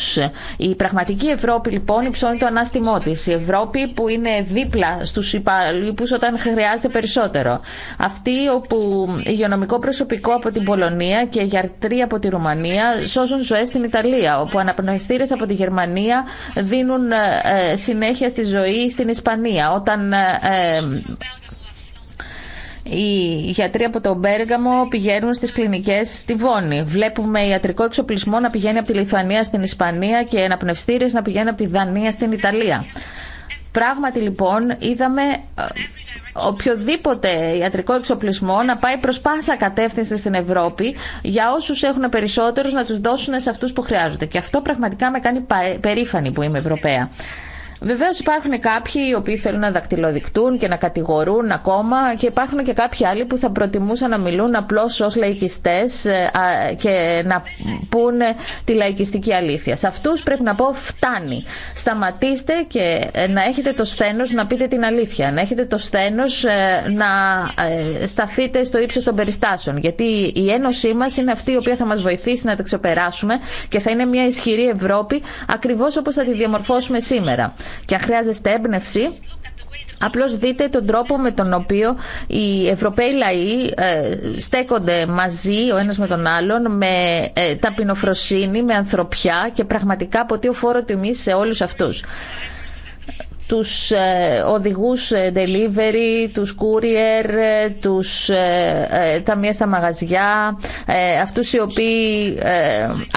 Η πραγματική Ευρώπη λοιπόν υψώνει το ανάστημό τη. Η Ευρώπη που είναι δίπλα στους υπαλλήλους όταν χρειάζεται περισσότερο. Αυτή όπου υγειονομικό προσωπικό από την Πολωνία και γιατροί από τη Ρουμανία σώζουν ζωές στην Ιταλία, όπου αναπνοηστήρε από τη Γερμανία δίνουν ε, συνέχεια στη ζωή στην Ισπανία. Όταν ε, ε, οι γιατροί από τον Πέργαμο πηγαίνουν στις κλινικές στη Βόνη. Βλέπουμε ιατρικό εξοπλισμό να πηγαίνει από τη Λιθουανία στην Ισπανία και αναπνευστήρες να πηγαίνουν από τη Δανία στην Ιταλία. Πράγματι λοιπόν είδαμε ε, οποιοδήποτε ιατρικό εξοπλισμό να πάει προς πάσα κατεύθυνση στην Ευρώπη για όσους έχουν περισσότερους να τους δώσουν σε αυτούς που χρειάζονται. Και αυτό πραγματικά με κάνει περήφανη που είμαι Ευρωπαία. Βεβαίω υπάρχουν κάποιοι οι οποίοι θέλουν να δακτυλοδεικτούν και να κατηγορούν ακόμα και υπάρχουν και κάποιοι άλλοι που θα προτιμούσαν να μιλούν απλώ ω λαϊκιστέ ε, και να πούνε τη λαϊκιστική αλήθεια. Σε αυτού πρέπει να πω φτάνει. Σταματήστε και ε, να έχετε το σθένο να πείτε την αλήθεια. Να έχετε το σθένο ε, να σταθείτε στο ύψο των περιστάσεων. Γιατί η ένωσή μα είναι αυτή η οποία θα μα βοηθήσει να τα ξεπεράσουμε και θα είναι μια ισχυρή Ευρώπη ακριβώ όπω θα τη διαμορφώσουμε σήμερα και αν χρειάζεστε έμπνευση, Απλώς δείτε τον τρόπο με τον οποίο οι Ευρωπαίοι λαοί ε, στέκονται μαζί ο ένας με τον άλλον με ε, ταπεινοφροσύνη, με ανθρωπιά και πραγματικά αποτείω φόρο τιμή σε όλους αυτούς τους ε, οδηγούς ε, delivery, τους courier, ε, τους, τα μία στα μαγαζιά, αυτούς οι οποίοι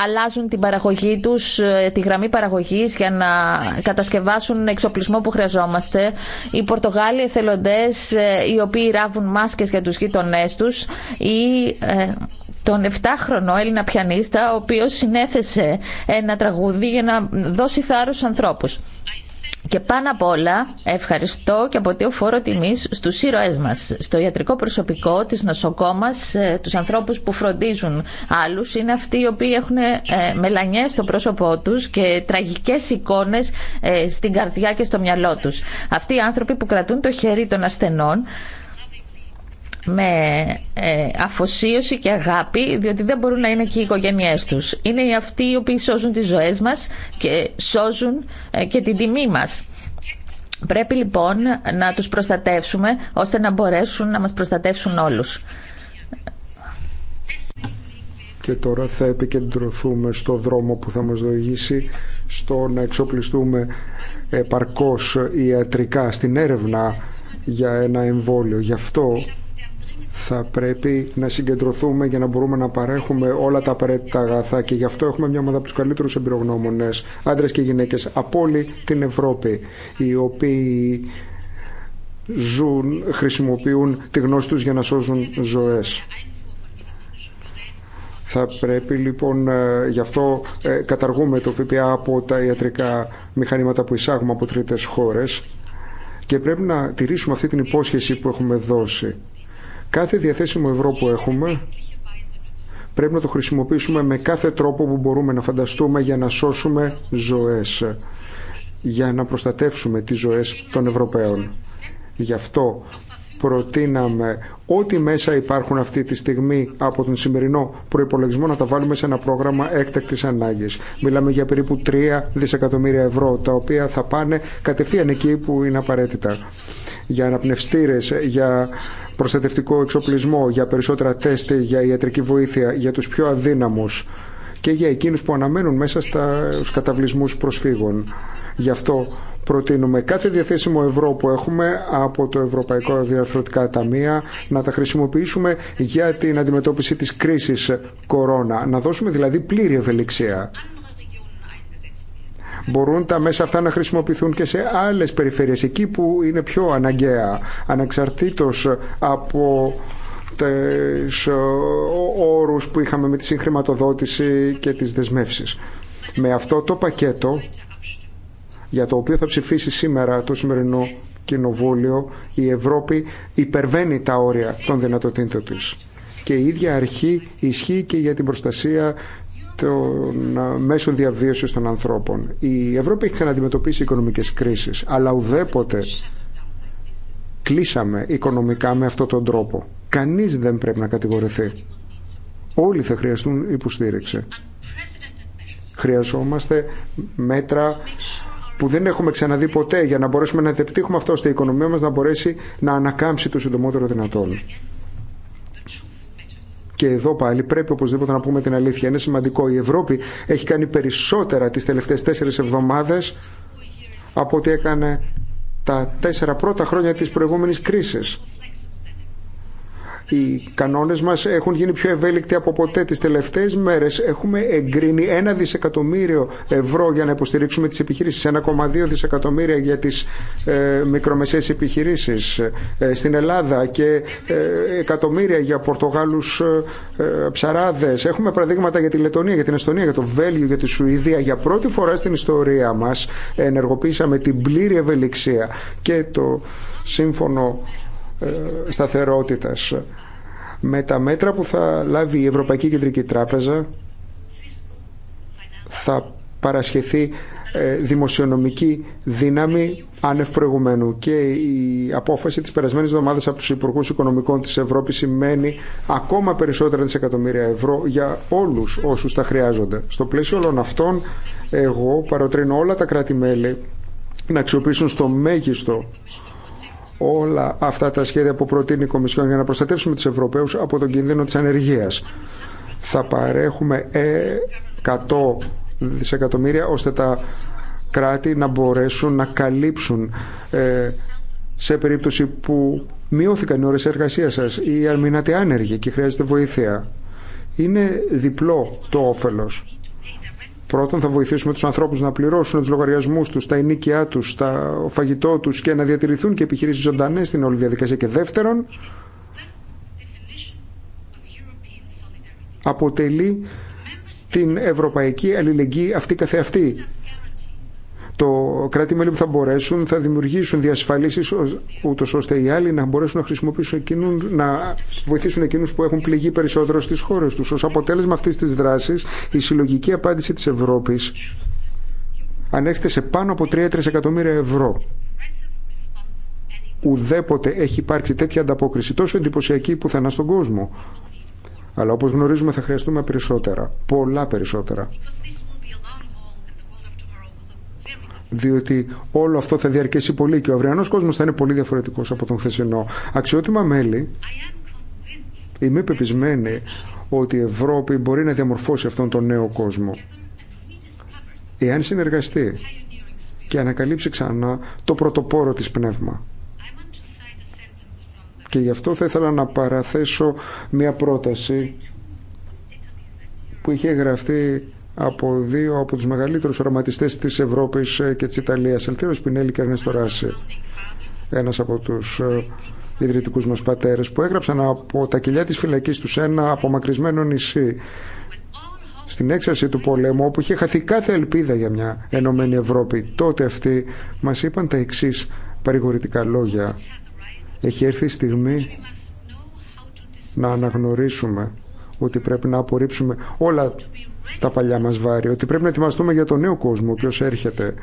αλλάζουν την παραγωγή τους, τη γραμμή παραγωγής για να κατασκευάσουν εξοπλισμό που χρειαζόμαστε, οι Πορτογάλοι εθελοντές οι οποίοι ράβουν μάσκες για τους γείτονέ τους ή τον 7χρονο Έλληνα πιανίστα ο οποίος συνέθεσε ένα τραγούδι για να δώσει θάρρος στους ανθρώπους. Και πάνω απ' όλα ευχαριστώ και αποτείω φόρο τιμή στου ήρωέ μα, στο ιατρικό προσωπικό, τη νοσοκόμα, ε, του ανθρώπου που φροντίζουν άλλου. Είναι αυτοί οι οποίοι έχουν ε, μελανιέ στο πρόσωπό του και τραγικέ εικόνε ε, στην καρδιά και στο μυαλό του. Αυτοί οι άνθρωποι που κρατούν το χέρι των ασθενών με ε, αφοσίωση και αγάπη διότι δεν μπορούν να είναι και οι οικογένειε τους. Είναι αυτοί οι οποίοι σώζουν τις ζωές μας και σώζουν ε, και την τιμή μα. Πρέπει λοιπόν να τους προστατεύσουμε ώστε να μπορέσουν να μας προστατεύσουν όλους. Και τώρα θα επικεντρωθούμε στο δρόμο που θα μας δοηγήσει στο να εξοπλιστούμε επαρκώς ιατρικά στην έρευνα για ένα εμβόλιο. Γι' αυτό θα πρέπει να συγκεντρωθούμε για να μπορούμε να παρέχουμε όλα τα απαραίτητα αγαθά και γι' αυτό έχουμε μια ομάδα από τους καλύτερους εμπειρογνώμονες, άντρες και γυναίκες από όλη την Ευρώπη, οι οποίοι ζουν, χρησιμοποιούν τη γνώση τους για να σώζουν ζωές. Θα πρέπει λοιπόν, ε, γι' αυτό ε, καταργούμε το ΦΠΑ από τα ιατρικά μηχανήματα που εισάγουμε από τρίτες χώρες και πρέπει να τηρήσουμε αυτή την υπόσχεση που έχουμε δώσει Κάθε διαθέσιμο ευρώ που έχουμε πρέπει να το χρησιμοποιήσουμε με κάθε τρόπο που μπορούμε να φανταστούμε για να σώσουμε ζωές, για να προστατεύσουμε τις ζωές των Ευρωπαίων. Γι' αυτό προτείναμε ό,τι μέσα υπάρχουν αυτή τη στιγμή από τον σημερινό προϋπολογισμό να τα βάλουμε σε ένα πρόγραμμα έκτακτης ανάγκης. Μιλάμε για περίπου 3 δισεκατομμύρια ευρώ, τα οποία θα πάνε κατευθείαν εκεί που είναι απαραίτητα για αναπνευστήρε, για προστατευτικό εξοπλισμό, για περισσότερα τεστ, για ιατρική βοήθεια, για του πιο αδύναμους και για εκείνους που αναμένουν μέσα στους καταβλισμούς προσφύγων. Γι' αυτό προτείνουμε κάθε διαθέσιμο ευρώ που έχουμε από το Ευρωπαϊκό Διαρθρωτικά Ταμεία να τα χρησιμοποιήσουμε για την αντιμετώπιση της κρίσης κορώνα. Να δώσουμε δηλαδή πλήρη ευελιξία μπορούν τα μέσα αυτά να χρησιμοποιηθούν και σε άλλες περιφέρειες, εκεί που είναι πιο αναγκαία, ανεξαρτήτως από τις ε, όρους που είχαμε με τη συγχρηματοδότηση και τις δεσμεύσεις. Με αυτό το πακέτο, για το οποίο θα ψηφίσει σήμερα το σημερινό κοινοβούλιο, η Ευρώπη υπερβαίνει τα όρια των δυνατοτήτων της. Και η ίδια αρχή ισχύει και για την προστασία των μέσων διαβίωσης των ανθρώπων. Η Ευρώπη έχει ξαναντιμετωπίσει οικονομικές κρίσεις, αλλά ουδέποτε κλείσαμε οικονομικά με αυτόν τον τρόπο. Κανείς δεν πρέπει να κατηγορηθεί. Όλοι θα χρειαστούν υποστήριξη. Χρειαζόμαστε μέτρα που δεν έχουμε ξαναδεί ποτέ για να μπορέσουμε να επιτύχουμε αυτό ώστε η οικονομία μας να μπορέσει να ανακάμψει το συντομότερο δυνατόν. Και εδώ πάλι πρέπει οπωσδήποτε να πούμε την αλήθεια. Είναι σημαντικό. Η Ευρώπη έχει κάνει περισσότερα τις τελευταίες τέσσερις εβδομάδες από ό,τι έκανε τα τέσσερα πρώτα χρόνια της προηγούμενης κρίσης. Οι κανόνε μα έχουν γίνει πιο ευέλικτοι από ποτέ. Τι τελευταίε μέρε έχουμε εγκρίνει ένα δισεκατομμύριο ευρώ για να υποστηρίξουμε τις επιχειρήσεις, 1,2 δισεκατομμύρια για τι ε, μικρομεσαίες επιχειρήσεις ε, στην Ελλάδα και ε, εκατομμύρια για Πορτογάλους ε, ε, ψαράδε. Έχουμε παραδείγματα για τη Λετωνία, για την Εστονία, για το Βέλγιο, για τη Σουηδία. Για πρώτη φορά στην ιστορία μα ενεργοποίησαμε την πλήρη ευελιξία και το σύμφωνο σταθερότητας με τα μέτρα που θα λάβει η Ευρωπαϊκή Κεντρική Τράπεζα θα παρασχεθεί ε, δημοσιονομική δύναμη άνευ προηγουμένου και η απόφαση της περασμένης εβδομάδας από τους Υπουργούς Οικονομικών της Ευρώπης σημαίνει ακόμα περισσότερα δισεκατομμύρια ευρώ για όλους όσους τα χρειάζονται. Στο πλαίσιο όλων αυτών εγώ παροτρύνω όλα τα κράτη-μέλη να αξιοποιήσουν στο μέγιστο όλα αυτά τα σχέδια που προτείνει η Κομισιόν για να προστατεύσουμε τους Ευρωπαίους από τον κίνδυνο της ανεργίας. Θα παρέχουμε 100 ε, δισεκατομμύρια ώστε τα κράτη να μπορέσουν να καλύψουν ε, σε περίπτωση που μειώθηκαν οι ώρες εργασίας σας ή αν μείνατε άνεργοι και χρειάζεται βοήθεια. Είναι διπλό το όφελος Πρώτον, θα βοηθήσουμε του ανθρώπου να πληρώσουν του λογαριασμού του, τα ενίκια του, τα φαγητό του και να διατηρηθούν και επιχειρήσει ζωντανέ στην όλη διαδικασία. Και δεύτερον, αποτελεί την ευρωπαϊκή αλληλεγγύη αυτή καθεαυτή το κράτη-μέλη που θα μπορέσουν θα δημιουργήσουν διασφαλίσεις ούτω ώστε οι άλλοι να μπορέσουν να χρησιμοποιήσουν εκείνους, να βοηθήσουν εκείνους που έχουν πληγεί περισσότερο στις χώρες τους. Ως αποτέλεσμα αυτής της δράσης η συλλογική απάντηση της Ευρώπης ανέρχεται σε πάνω από 3 3-3 εκατομμύρια ευρώ. Ουδέποτε έχει υπάρξει τέτοια ανταπόκριση τόσο εντυπωσιακή πουθενά στον κόσμο. Αλλά όπως γνωρίζουμε θα χρειαστούμε περισσότερα, πολλά περισσότερα διότι όλο αυτό θα διαρκέσει πολύ και ο αυριανός κόσμος θα είναι πολύ διαφορετικός από τον χθεσινό. Αξιότιμα μέλη, είμαι πεπισμένη ότι η Ευρώπη μπορεί να διαμορφώσει αυτόν τον νέο κόσμο. Εάν συνεργαστεί και ανακαλύψει ξανά το πρωτοπόρο της πνεύμα. Και γι' αυτό θα ήθελα να παραθέσω μια πρόταση που είχε γραφτεί από δύο από τους μεγαλύτερους οραματιστές της Ευρώπης ε, και της Ιταλίας, Ελτήρος Πινέλη και Αρνέστο Ράση. Ένας από τους ε, ιδρυτικούς μας πατέρες που έγραψαν από τα κοιλιά της φυλακής τους ένα απομακρυσμένο νησί στην έξαρση του πολέμου όπου είχε χαθεί κάθε ελπίδα για μια ενωμένη Ευρώπη. Τότε αυτοί μας είπαν τα εξή παρηγορητικά λόγια. Έχει έρθει η στιγμή να αναγνωρίσουμε ότι πρέπει να απορρίψουμε όλα τα παλιά μας βάρη, ότι πρέπει να ετοιμαστούμε για τον νέο κόσμο, ο οποίος έρχεται,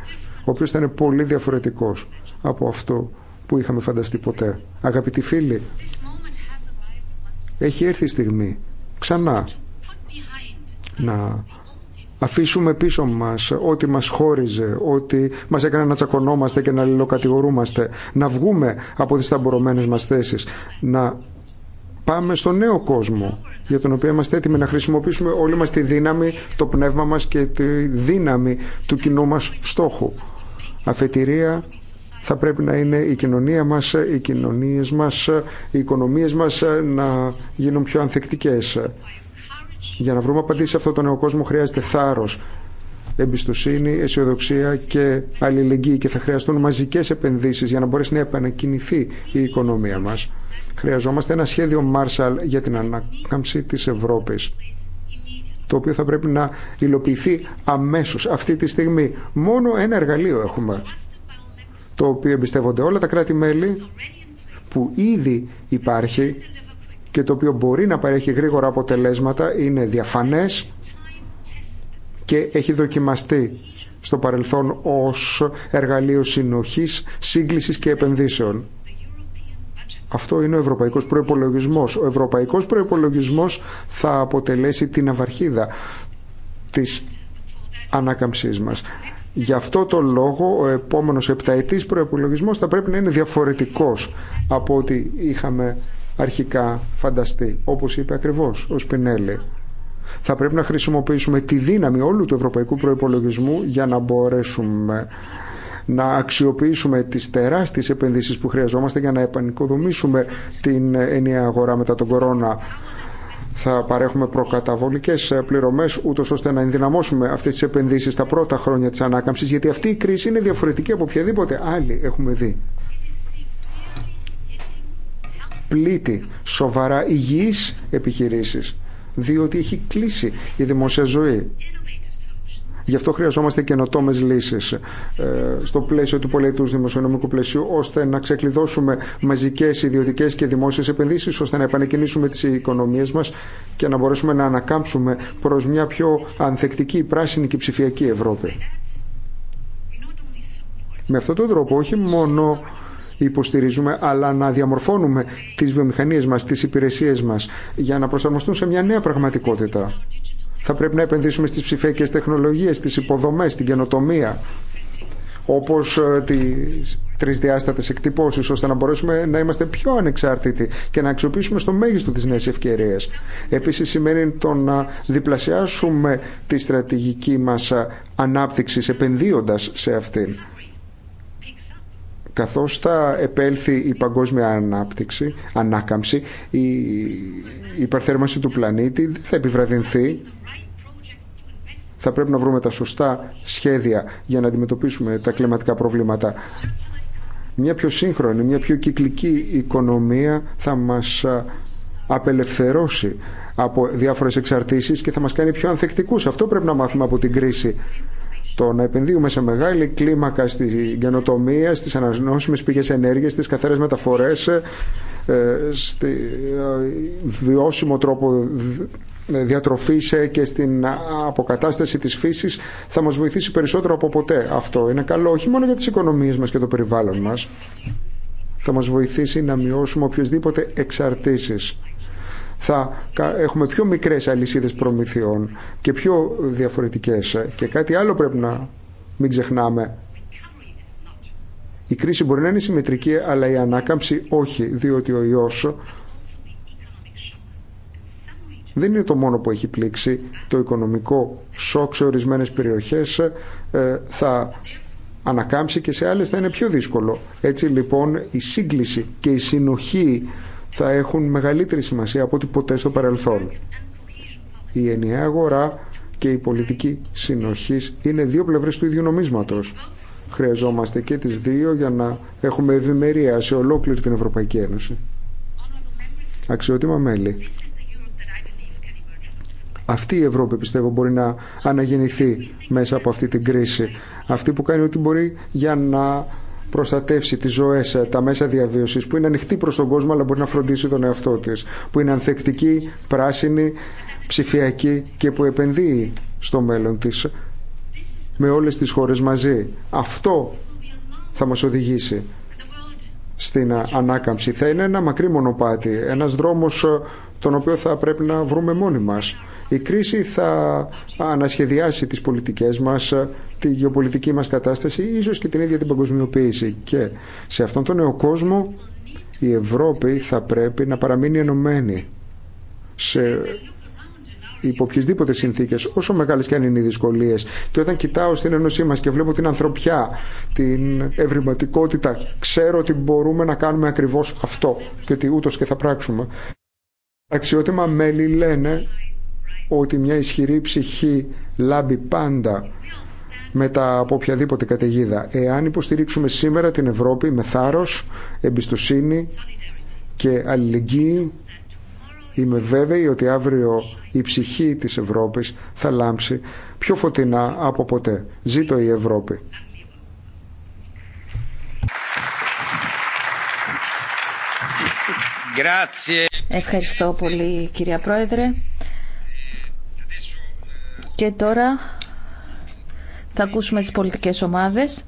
ο οποίος θα είναι πολύ διαφορετικός από αυτό που είχαμε φανταστεί ποτέ. Αγαπητοί φίλοι, έχει έρθει η στιγμή ξανά να αφήσουμε πίσω μας ό,τι μας χώριζε, ό,τι μας έκανε να τσακωνόμαστε και να λιλοκατηγορούμαστε, να βγούμε από τις ταμπορωμένες μας θέσεις, να πάμε στον νέο κόσμο, για τον οποίο είμαστε έτοιμοι να χρησιμοποιήσουμε όλη μας τη δύναμη, το πνεύμα μας και τη δύναμη του κοινού μας στόχου. Αφετηρία θα πρέπει να είναι η κοινωνία μας, οι κοινωνίες μας, οι οικονομίες μας να γίνουν πιο ανθεκτικές. Για να βρούμε απαντήσει σε αυτό το νέο κόσμο χρειάζεται θάρρος, εμπιστοσύνη, αισιοδοξία και αλληλεγγύη και θα χρειαστούν μαζικές επενδύσεις για να μπορέσει να επανακινηθεί η οικονομία μας. Χρειαζόμαστε ένα σχέδιο Marshall για την ανάκαμψη της Ευρώπης το οποίο θα πρέπει να υλοποιηθεί αμέσως αυτή τη στιγμή. Μόνο ένα εργαλείο έχουμε, το οποίο εμπιστεύονται όλα τα κράτη-μέλη που ήδη υπάρχει και το οποίο μπορεί να παρέχει γρήγορα αποτελέσματα, είναι διαφανές, και έχει δοκιμαστεί στο παρελθόν ως εργαλείο συνοχής, σύγκλησης και επενδύσεων. Αυτό είναι ο ευρωπαϊκός προϋπολογισμός. Ο ευρωπαϊκός προϋπολογισμός θα αποτελέσει την αυαρχίδα της ανάκαμψής μας. Γι' αυτό το λόγο ο επόμενος επταετής προϋπολογισμός θα πρέπει να είναι διαφορετικός από ό,τι είχαμε αρχικά φανταστεί, όπως είπε ακριβώς ο Σπινέλη. Θα πρέπει να χρησιμοποιήσουμε τη δύναμη όλου του ευρωπαϊκού προϋπολογισμού για να μπορέσουμε να αξιοποιήσουμε τις τεράστιες επενδύσεις που χρειαζόμαστε για να επανικοδομήσουμε την ενιαία αγορά μετά τον κορώνα. Θα παρέχουμε προκαταβολικές πληρωμές ούτως ώστε να ενδυναμώσουμε αυτές τις επενδύσεις τα πρώτα χρόνια της ανάκαμψης γιατί αυτή η κρίση είναι διαφορετική από οποιαδήποτε άλλη έχουμε δει. Πλήττει σοβαρά υγιείς επιχειρήσεις διότι έχει κλείσει η δημόσια ζωή. Γι' αυτό χρειαζόμαστε καινοτόμε λύσει ε, στο πλαίσιο του πολιτού δημοσιονομικού πλαισίου, ώστε να ξεκλειδώσουμε μαζικέ ιδιωτικέ και δημόσιε επενδύσει, ώστε να επανεκκινήσουμε τι οικονομίε μα και να μπορέσουμε να ανακάμψουμε προ μια πιο ανθεκτική, πράσινη και ψηφιακή Ευρώπη. Με αυτόν τον τρόπο όχι μόνο υποστηρίζουμε, αλλά να διαμορφώνουμε τι βιομηχανίε μα, τι υπηρεσίε μα για να προσαρμοστούν σε μια νέα πραγματικότητα. Θα πρέπει να επενδύσουμε στις ψηφιακέ τεχνολογίε, στις υποδομέ, στην καινοτομία, όπως ε, τις τρισδιάστατες εκτυπώσεις, ώστε να μπορέσουμε να είμαστε πιο ανεξάρτητοι και να αξιοποιήσουμε στο μέγιστο τις νέες ευκαιρίες. Επίσης σημαίνει το να διπλασιάσουμε τη στρατηγική μας ε, ανάπτυξη επενδύοντας σε αυτήν καθώς θα επέλθει η παγκόσμια ανάπτυξη, ανάκαμψη, η υπερθέρμανση του πλανήτη δεν θα επιβραδυνθεί. Θα πρέπει να βρούμε τα σωστά σχέδια για να αντιμετωπίσουμε τα κλιματικά προβλήματα. Μια πιο σύγχρονη, μια πιο κυκλική οικονομία θα μας απελευθερώσει από διάφορες εξαρτήσεις και θα μας κάνει πιο ανθεκτικούς. Αυτό πρέπει να μάθουμε από την κρίση. Το να επενδύουμε σε μεγάλη κλίμακα στην καινοτομία, στις ανανεώσιμες πηγές ενέργειας, στις καθαρές μεταφορές, ε, στη ε, βιώσιμο τρόπο ε, διατροφής και στην αποκατάσταση της φύσης θα μας βοηθήσει περισσότερο από ποτέ. Αυτό είναι καλό όχι μόνο για τις οικονομίες μας και το περιβάλλον μας. Θα μας βοηθήσει να μειώσουμε οποιασδήποτε εξαρτήσεις θα έχουμε πιο μικρές αλυσίδες προμηθειών και πιο διαφορετικές. Και κάτι άλλο πρέπει να μην ξεχνάμε. Η κρίση μπορεί να είναι συμμετρική, αλλά η ανάκαμψη όχι, διότι ο ιός δεν είναι το μόνο που έχει πλήξει το οικονομικό σοκ σε ορισμένες περιοχές ε, θα ανακάμψει και σε άλλες θα είναι πιο δύσκολο. Έτσι λοιπόν η σύγκληση και η συνοχή θα έχουν μεγαλύτερη σημασία από ό,τι ποτέ στο παρελθόν. Η ενιαία αγορά και η πολιτική συνοχή είναι δύο πλευρές του ίδιου νομίσματος. Χρειαζόμαστε και τις δύο για να έχουμε ευημερία σε ολόκληρη την Ευρωπαϊκή Ένωση. Αξιότιμα μέλη. Αυτή η Ευρώπη πιστεύω μπορεί να αναγεννηθεί μέσα από αυτή την κρίση. Αυτή που κάνει ό,τι μπορεί για να προστατεύσει τι ζωέ, ε, τα μέσα διαβίωση, που είναι ανοιχτή προ τον κόσμο αλλά μπορεί να φροντίσει τον εαυτό τη, που είναι ανθεκτική, πράσινη, ψηφιακή και που επενδύει στο μέλλον τη με όλες τις χώρες μαζί. Αυτό θα μας οδηγήσει στην ανάκαμψη. Θα είναι ένα μακρύ μονοπάτι, ένας δρόμος ε, τον οποίο θα πρέπει να βρούμε μόνοι μας. Η κρίση θα ανασχεδιάσει τις πολιτικές μας, τη γεωπολιτική μας κατάσταση, ίσως και την ίδια την παγκοσμιοποίηση. Και σε αυτόν τον νέο κόσμο η Ευρώπη θα πρέπει να παραμείνει ενωμένη σε υπό οποιασδήποτε συνθήκε, όσο μεγάλες και αν είναι οι δυσκολίες Και όταν κοιτάω στην ένωσή μα και βλέπω την ανθρωπιά, την ευρηματικότητα, ξέρω ότι μπορούμε να κάνουμε ακριβώς αυτό και ότι ούτω και θα πράξουμε. Αξιότιμα μέλη λένε ότι μια ισχυρή ψυχή λάμπει πάντα μετά από οποιαδήποτε καταιγίδα. Εάν υποστηρίξουμε σήμερα την Ευρώπη με θάρρος, εμπιστοσύνη και αλληλεγγύη, είμαι βέβαιη ότι αύριο η ψυχή της Ευρώπης θα λάμψει πιο φωτεινά από ποτέ. Ζήτω η Ευρώπη. Ευχαριστώ πολύ κυρία Πρόεδρε. Και τώρα θα ακούσουμε τις πολιτικές ομάδες.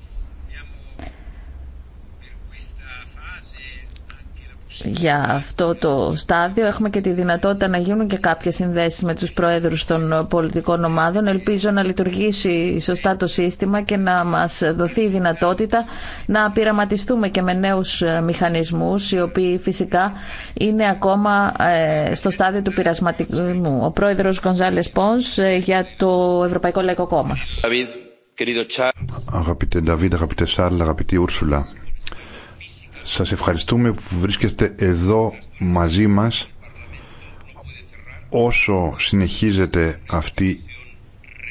για αυτό το στάδιο. Έχουμε και τη δυνατότητα να γίνουν και κάποιες συνδέσεις με τους προέδρους των πολιτικών ομάδων. Ελπίζω να λειτουργήσει σωστά το σύστημα και να μας δοθεί η δυνατότητα να πειραματιστούμε και με νέους μηχανισμούς, οι οποίοι φυσικά είναι ακόμα ε, στο στάδιο του πειρασματισμού. Ο πρόεδρος Γκονζάλες Πόνς ε, για το Ευρωπαϊκό Λαϊκό Κόμμα. Αγαπητέ Νταβίδ, αγαπητέ Σάρλ, αγαπητή Ούρσουλα, σας ευχαριστούμε που βρίσκεστε εδώ μαζί μας όσο συνεχίζεται αυτή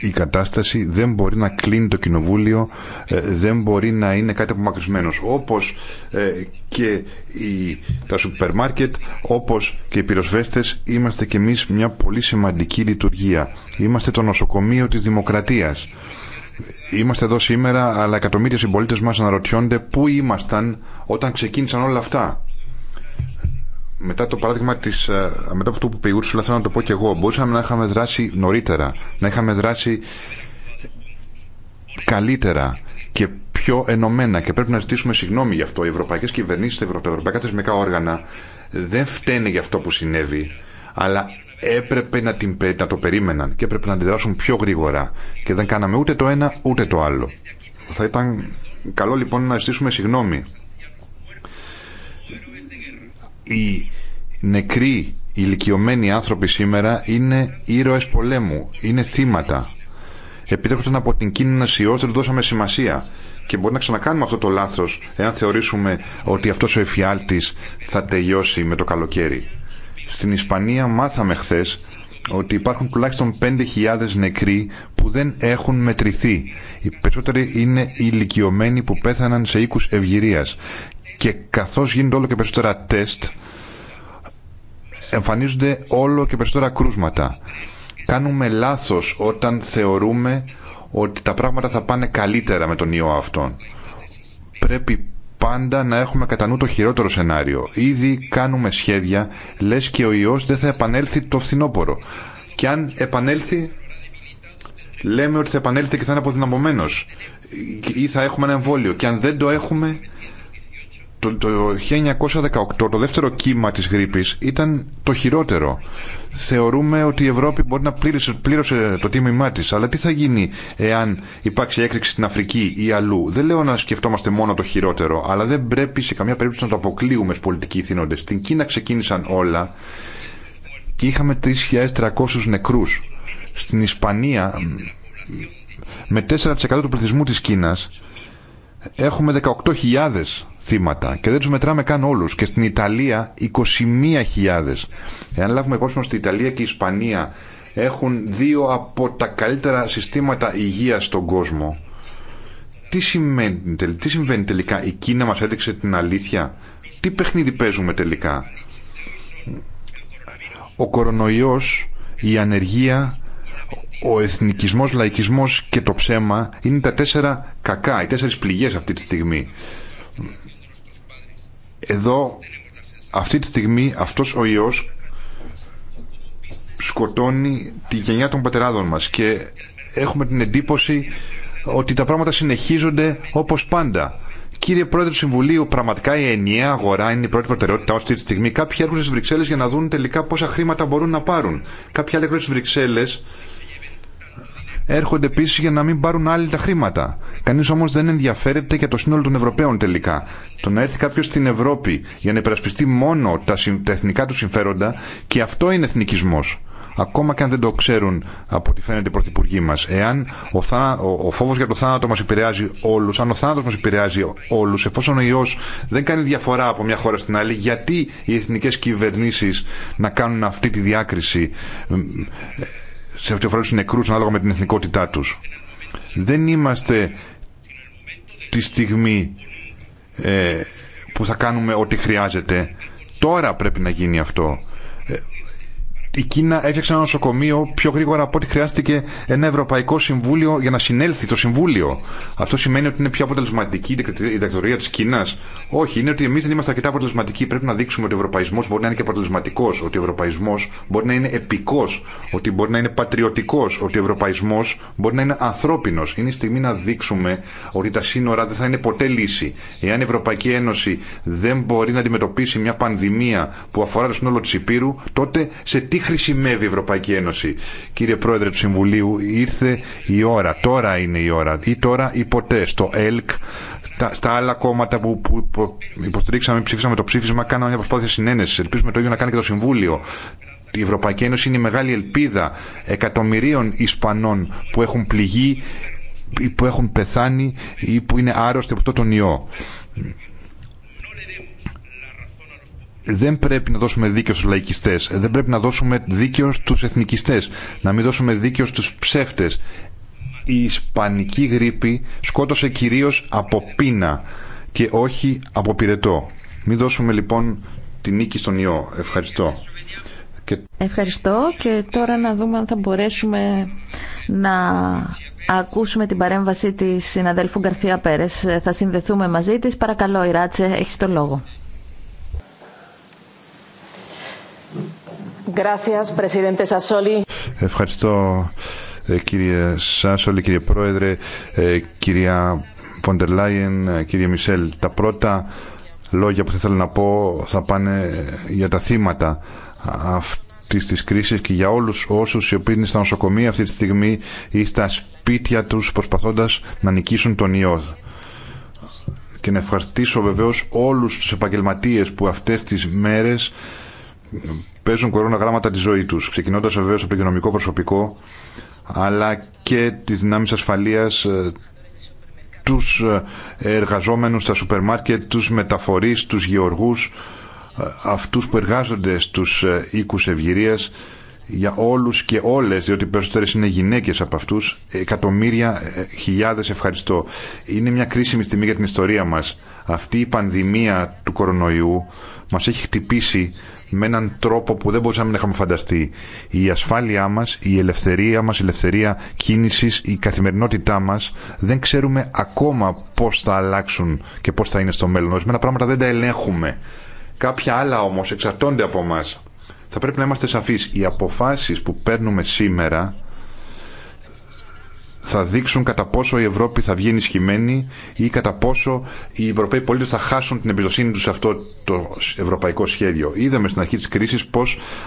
η κατάσταση δεν μπορεί να κλείνει το κοινοβούλιο, ε, δεν μπορεί να είναι κάτι απομακρυσμένο. Όπως ε, και τα σούπερ μάρκετ, όπως και οι πυροσβέστες, είμαστε και εμείς μια πολύ σημαντική λειτουργία. Είμαστε το νοσοκομείο της δημοκρατίας. Είμαστε εδώ σήμερα, αλλά εκατομμύρια συμπολίτε μας αναρωτιόνται πού ήμασταν όταν ξεκίνησαν όλα αυτά. Μετά το παράδειγμα τη. Ε, μετά από αυτό που είπε ο θέλω να το πω και εγώ. Μπορούσαμε να είχαμε δράσει νωρίτερα, να είχαμε δράσει καλύτερα και πιο ενωμένα. Και πρέπει να ζητήσουμε συγγνώμη γι' αυτό. Οι ευρωπαϊκέ κυβερνήσει, τα ευρωπαϊκά θεσμικά όργανα δεν φταίνε γι' αυτό που συνέβη, αλλά έπρεπε να, την, να το περίμεναν και έπρεπε να αντιδράσουν πιο γρήγορα. Και δεν κάναμε ούτε το ένα ούτε το άλλο. Θα ήταν καλό λοιπόν να ζητήσουμε συγγνώμη οι νεκροί ηλικιωμένοι άνθρωποι σήμερα είναι ήρωες πολέμου, είναι θύματα. Επιτρέπονταν από την κίνηση ένα δώσαμε σημασία. Και μπορεί να ξανακάνουμε αυτό το λάθος εάν θεωρήσουμε ότι αυτός ο εφιάλτης θα τελειώσει με το καλοκαίρι. Στην Ισπανία μάθαμε χθε ότι υπάρχουν τουλάχιστον 5.000 νεκροί που δεν έχουν μετρηθεί. Οι περισσότεροι είναι οι ηλικιωμένοι που πέθαναν σε οίκους ευγυρίας. Και καθώς γίνονται όλο και περισσότερα τεστ, εμφανίζονται όλο και περισσότερα κρούσματα. Κάνουμε λάθο όταν θεωρούμε ότι τα πράγματα θα πάνε καλύτερα με τον ιό αυτόν. Πρέπει πάντα να έχουμε κατά νου το χειρότερο σενάριο. Ήδη κάνουμε σχέδια, λες και ο ιός δεν θα επανέλθει το φθινόπωρο. Και αν επανέλθει, λέμε ότι θα επανέλθει και θα είναι αποδυναμωμένος. Ή θα έχουμε ένα εμβόλιο. Και αν δεν το έχουμε, το, το 1918 το δεύτερο κύμα της γρήπης ήταν το χειρότερο. Θεωρούμε ότι η Ευρώπη μπορεί να πλήρωσε, πλήρωσε το τίμημά τη, αλλά τι θα γίνει εάν υπάρξει έκρηξη στην Αφρική ή αλλού. Δεν λέω να σκεφτόμαστε μόνο το χειρότερο, αλλά δεν πρέπει σε καμία περίπτωση να το αποκλείουμε στου πολιτικοί θύνοντε. Στην Κίνα ξεκίνησαν όλα και είχαμε 3.300 νεκρούς. Στην Ισπανία, με 4% του πληθυσμού της Κίνας, έχουμε 18.000 και δεν του μετράμε καν όλους και στην Ιταλία 21.000 εάν λάβουμε υπόψη μα ότι η Ιταλία και η Ισπανία έχουν δύο από τα καλύτερα συστήματα υγεία στον κόσμο τι, σημαίνει, συμβαίνει τελικά η Κίνα μας έδειξε την αλήθεια τι παιχνίδι παίζουμε τελικά ο κορονοϊός η ανεργία ο εθνικισμός, λαϊκισμός και το ψέμα είναι τα τέσσερα κακά, οι τέσσερις πληγές αυτή τη στιγμή εδώ αυτή τη στιγμή αυτός ο ιός σκοτώνει τη γενιά των πατεράδων μας και έχουμε την εντύπωση ότι τα πράγματα συνεχίζονται όπως πάντα. Κύριε Πρόεδρε του Συμβουλίου, πραγματικά η ενιαία αγορά είναι η πρώτη προτεραιότητά αυτή τη στιγμή. Κάποιοι έρχονται στι Βρυξέλλε για να δουν τελικά πόσα χρήματα μπορούν να πάρουν. Κάποιοι άλλοι έρχονται στι Βρυξέλλε έρχονται επίση για να μην πάρουν άλλοι τα χρήματα. Κανεί όμω δεν ενδιαφέρεται για το σύνολο των Ευρωπαίων τελικά. Το να έρθει κάποιο στην Ευρώπη για να υπερασπιστεί μόνο τα, τα εθνικά του συμφέροντα και αυτό είναι εθνικισμό. Ακόμα και αν δεν το ξέρουν από ό,τι φαίνεται οι πρωθυπουργοί μα. Εάν ο, ο, ο φόβο για το θάνατο μα επηρεάζει όλου, αν ο θάνατο μα επηρεάζει όλου, εφόσον ο ιό δεν κάνει διαφορά από μια χώρα στην άλλη, γιατί οι εθνικέ κυβερνήσει να κάνουν αυτή τη διάκριση σε ό,τι αφορά του νεκρού ανάλογα με την εθνικότητά του. Δεν είμαστε τη στιγμή ε, που θα κάνουμε ό,τι χρειάζεται. Τώρα πρέπει να γίνει αυτό η Κίνα έφτιαξε ένα νοσοκομείο πιο γρήγορα από ό,τι χρειάστηκε ένα Ευρωπαϊκό Συμβούλιο για να συνέλθει το Συμβούλιο. Αυτό σημαίνει ότι είναι πιο αποτελεσματική η διδακτορία τη Κίνα. Όχι, είναι ότι εμεί δεν είμαστε αρκετά αποτελεσματικοί. Πρέπει να δείξουμε ότι ο Ευρωπαϊσμό μπορεί να είναι και αποτελεσματικό, ότι ο Ευρωπαϊσμό μπορεί να είναι επικό, ότι μπορεί να είναι πατριωτικό, ότι ο Ευρωπαϊσμό μπορεί να είναι ανθρώπινο. Είναι η στιγμή να δείξουμε ότι τα σύνορα δεν θα είναι ποτέ λύση. Εάν η Ευρωπαϊκή Ένωση δεν μπορεί να αντιμετωπίσει μια πανδημία που αφορά το σύνολο τη Υπήρου, τότε σε τι τι χρησιμεύει η Ευρωπαϊκή Ένωση. Κύριε Πρόεδρε του Συμβουλίου, ήρθε η ώρα, τώρα είναι η ώρα, ή τώρα ή ποτέ, στο ΕΛΚ, τα, στα άλλα κόμματα που, που, που υποστηρίξαμε, ψήφισαμε το ψήφισμα, κάναμε μια προσπάθεια συνένεση. Ελπίζουμε το ίδιο να κάνει και το Συμβούλιο. Η Ευρωπαϊκή Ένωση είναι η μεγάλη ελπίδα εκατομμυρίων Ισπανών που έχουν πληγεί ή που έχουν πεθάνει ή που είναι άρρωστοι από αυτό τον ιό δεν πρέπει να δώσουμε δίκιο στους λαϊκιστές, δεν πρέπει να δώσουμε δίκιο στους εθνικιστές, να μην δώσουμε δίκιο στους ψεύτες. Η ισπανική γρήπη σκότωσε κυρίως από πείνα και όχι από πυρετό. Μην δώσουμε λοιπόν τη νίκη στον ιό. Ευχαριστώ. Ευχαριστώ και τώρα να δούμε αν θα μπορέσουμε να ακούσουμε την παρέμβαση της συναδέλφου Γκαρθία Πέρες. Θα συνδεθούμε μαζί της. Παρακαλώ, Ιράτσε, έχεις το λόγο. Ευχαριστώ ε, κύριε Σάσολη, κύριε Πρόεδρε, ε, κυρία Φοντερ Λάιεν, ε, κύριε Μισελ. Τα πρώτα λόγια που θα ήθελα να πω θα πάνε για τα θύματα αυτής της κρίσης και για όλους όσους οι οποίοι είναι στα νοσοκομεία αυτή τη στιγμή ή στα σπίτια τους προσπαθώντας να νικήσουν τον ιό και να ευχαριστήσω βεβαίως όλους τους επαγγελματίες που αυτές τις μέρες παίζουν κορώνα γράμματα τη ζωή του. Ξεκινώντα βεβαίω από το υγειονομικό προσωπικό, αλλά και τι δυνάμει ασφαλεία, ε, του ε, εργαζόμενου στα σούπερ μάρκετ, του μεταφορεί, του γεωργού, ε, αυτού που εργάζονται στου οίκου ευγυρία. Για όλου και όλε, διότι οι περισσότερε είναι γυναίκε από αυτού, εκατομμύρια, χιλιάδε ευχαριστώ. Είναι μια κρίσιμη στιγμή για την ιστορία μα. Αυτή η πανδημία του κορονοϊού μα έχει χτυπήσει με έναν τρόπο που δεν μπορούσαμε να είχαμε φανταστεί. Η ασφάλειά μας, η ελευθερία μας, η ελευθερία κίνησης, η καθημερινότητά μας δεν ξέρουμε ακόμα πώς θα αλλάξουν και πώς θα είναι στο μέλλον. Ορισμένα πράγματα δεν τα ελέγχουμε. Κάποια άλλα όμως εξαρτώνται από εμά. Θα πρέπει να είμαστε σαφείς. Οι αποφάσει που παίρνουμε σήμερα θα δείξουν κατά πόσο η Ευρώπη θα βγει ενισχυμένη ή κατά πόσο οι Ευρωπαίοι πολίτε θα χάσουν την εμπιστοσύνη του σε αυτό το ευρωπαϊκό σχέδιο. Είδαμε στην αρχή τη κρίση πω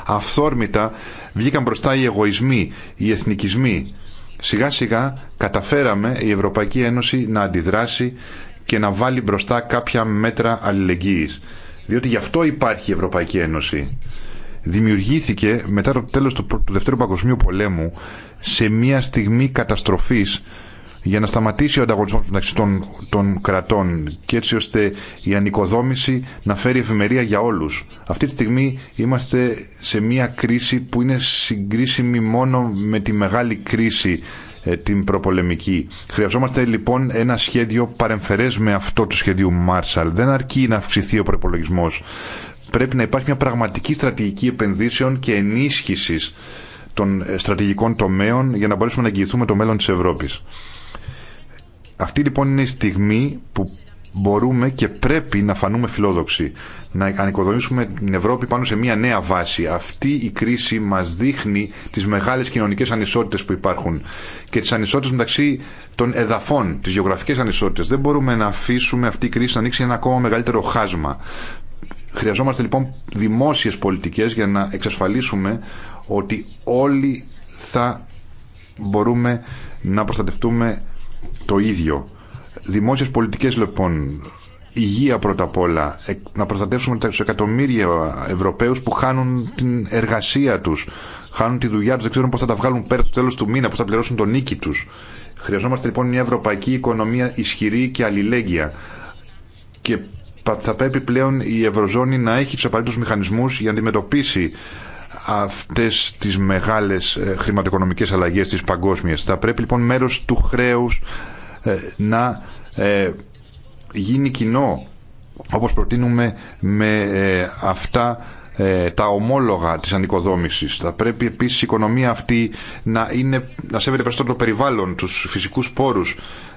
αυθόρμητα βγήκαν μπροστά οι εγωισμοί, οι εθνικισμοί. Σιγά σιγά καταφέραμε η Ευρωπαϊκή Ένωση να αντιδράσει και να βάλει μπροστά κάποια μέτρα αλληλεγγύης. Διότι γι' αυτό υπάρχει η Ευρωπαϊκή Ένωση δημιουργήθηκε μετά το τέλος του, Δευτέρου Παγκοσμίου Πολέμου σε μια στιγμή καταστροφής για να σταματήσει ο ανταγωνισμός μεταξύ των, των κρατών και έτσι ώστε η ανοικοδόμηση να φέρει ευημερία για όλους. Αυτή τη στιγμή είμαστε σε μια κρίση που είναι συγκρίσιμη μόνο με τη μεγάλη κρίση ε, την προπολεμική. Χρειαζόμαστε λοιπόν ένα σχέδιο παρεμφερέ με αυτό του σχεδίου Marshall. Δεν αρκεί να αυξηθεί ο προπολογισμό. Πρέπει να υπάρχει μια πραγματική στρατηγική επενδύσεων και ενίσχυση των ε, στρατηγικών τομέων για να μπορέσουμε να εγγυηθούμε το μέλλον τη Ευρώπη. Αυτή λοιπόν είναι η στιγμή που μπορούμε και πρέπει να φανούμε φιλόδοξοι, να ανοικοδομήσουμε την Ευρώπη πάνω σε μια νέα βάση. Αυτή η κρίση μας δείχνει τις μεγάλες κοινωνικές ανισότητες που υπάρχουν και τις ανισότητες μεταξύ των εδαφών, τις γεωγραφικές ανισότητες. Δεν μπορούμε να αφήσουμε αυτή η κρίση να ανοίξει ένα ακόμα μεγαλύτερο χάσμα. Χρειαζόμαστε λοιπόν δημόσιες πολιτικές για να εξασφαλίσουμε ότι όλοι θα μπορούμε να προστατευτούμε το ίδιο. Δημόσιες πολιτικές λοιπόν, υγεία πρώτα απ' όλα, ε, να προστατεύσουμε τα εκατομμύρια Ευρωπαίους που χάνουν την εργασία τους, χάνουν τη δουλειά τους, δεν ξέρουν πώς θα τα βγάλουν πέρα στο τέλος του μήνα, πώς θα πληρώσουν τον νίκη τους. Χρειαζόμαστε λοιπόν μια ευρωπαϊκή οικονομία ισχυρή και αλληλέγγυα. Και θα πρέπει πλέον η Ευρωζώνη να έχει τους απαραίτητους μηχανισμούς για να αντιμετωπίσει αυτές τις μεγάλες ε, χρηματοοικονομικές αλλαγές της παγκόσμιας. Θα πρέπει λοιπόν μέρος του χρέους ε, να ε, γίνει κοινό όπως προτείνουμε με αυτά τα ομόλογα της ανοικοδόμησης. Θα πρέπει επίσης η οικονομία αυτή να, είναι, να σέβεται περισσότερο το περιβάλλον, τους φυσικούς πόρους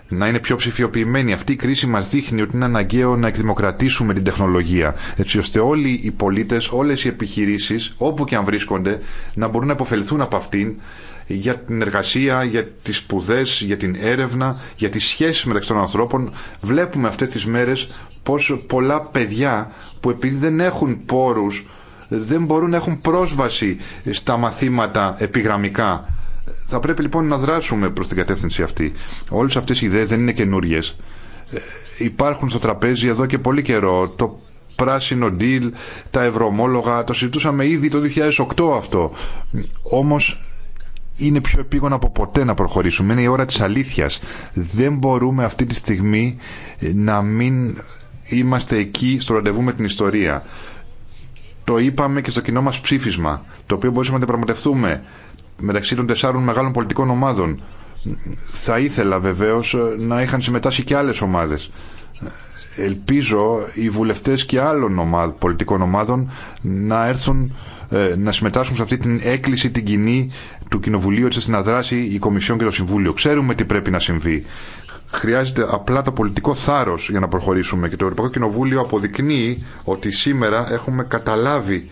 να είναι πιο ψηφιοποιημένοι. Αυτή η κρίση μα δείχνει ότι είναι αναγκαίο να εκδημοκρατήσουμε την τεχνολογία, έτσι ώστε όλοι οι πολίτε, όλε οι επιχειρήσει, όπου και αν βρίσκονται, να μπορούν να υποφελθούν από αυτήν για την εργασία, για τι σπουδέ, για την έρευνα, για τι σχέσει μεταξύ των ανθρώπων. Βλέπουμε αυτέ τι μέρε πω πολλά παιδιά που επειδή δεν έχουν πόρου, δεν μπορούν να έχουν πρόσβαση στα μαθήματα επιγραμμικά θα πρέπει λοιπόν να δράσουμε προς την κατεύθυνση αυτή. Όλες αυτές οι ιδέες δεν είναι καινούριε. Ε, υπάρχουν στο τραπέζι εδώ και πολύ καιρό. Το πράσινο deal, τα ευρωομόλογα, το συζητούσαμε ήδη το 2008 αυτό. Όμως είναι πιο επίγον από ποτέ να προχωρήσουμε. Είναι η ώρα της αλήθειας. Δεν μπορούμε αυτή τη στιγμή ε, να μην είμαστε εκεί στο ραντεβού με την ιστορία. Το είπαμε και στο κοινό μας ψήφισμα, το οποίο μπορούσαμε να αντιπραγματευτούμε μεταξύ των τεσσάρων μεγάλων πολιτικών ομάδων. Θα ήθελα βεβαίω ε, να είχαν συμμετάσχει και άλλε ομάδε. Ελπίζω οι βουλευτές και άλλων ομάδων, πολιτικών ομάδων να έρθουν ε, να συμμετάσχουν σε αυτή την έκκληση την κοινή του Κοινοβουλίου έτσι να δράσει η Κομισιόν και το Συμβούλιο. Ξέρουμε τι πρέπει να συμβεί. Χρειάζεται απλά το πολιτικό θάρρο για να προχωρήσουμε και το Ευρωπαϊκό Κοινοβούλιο αποδεικνύει ότι σήμερα έχουμε καταλάβει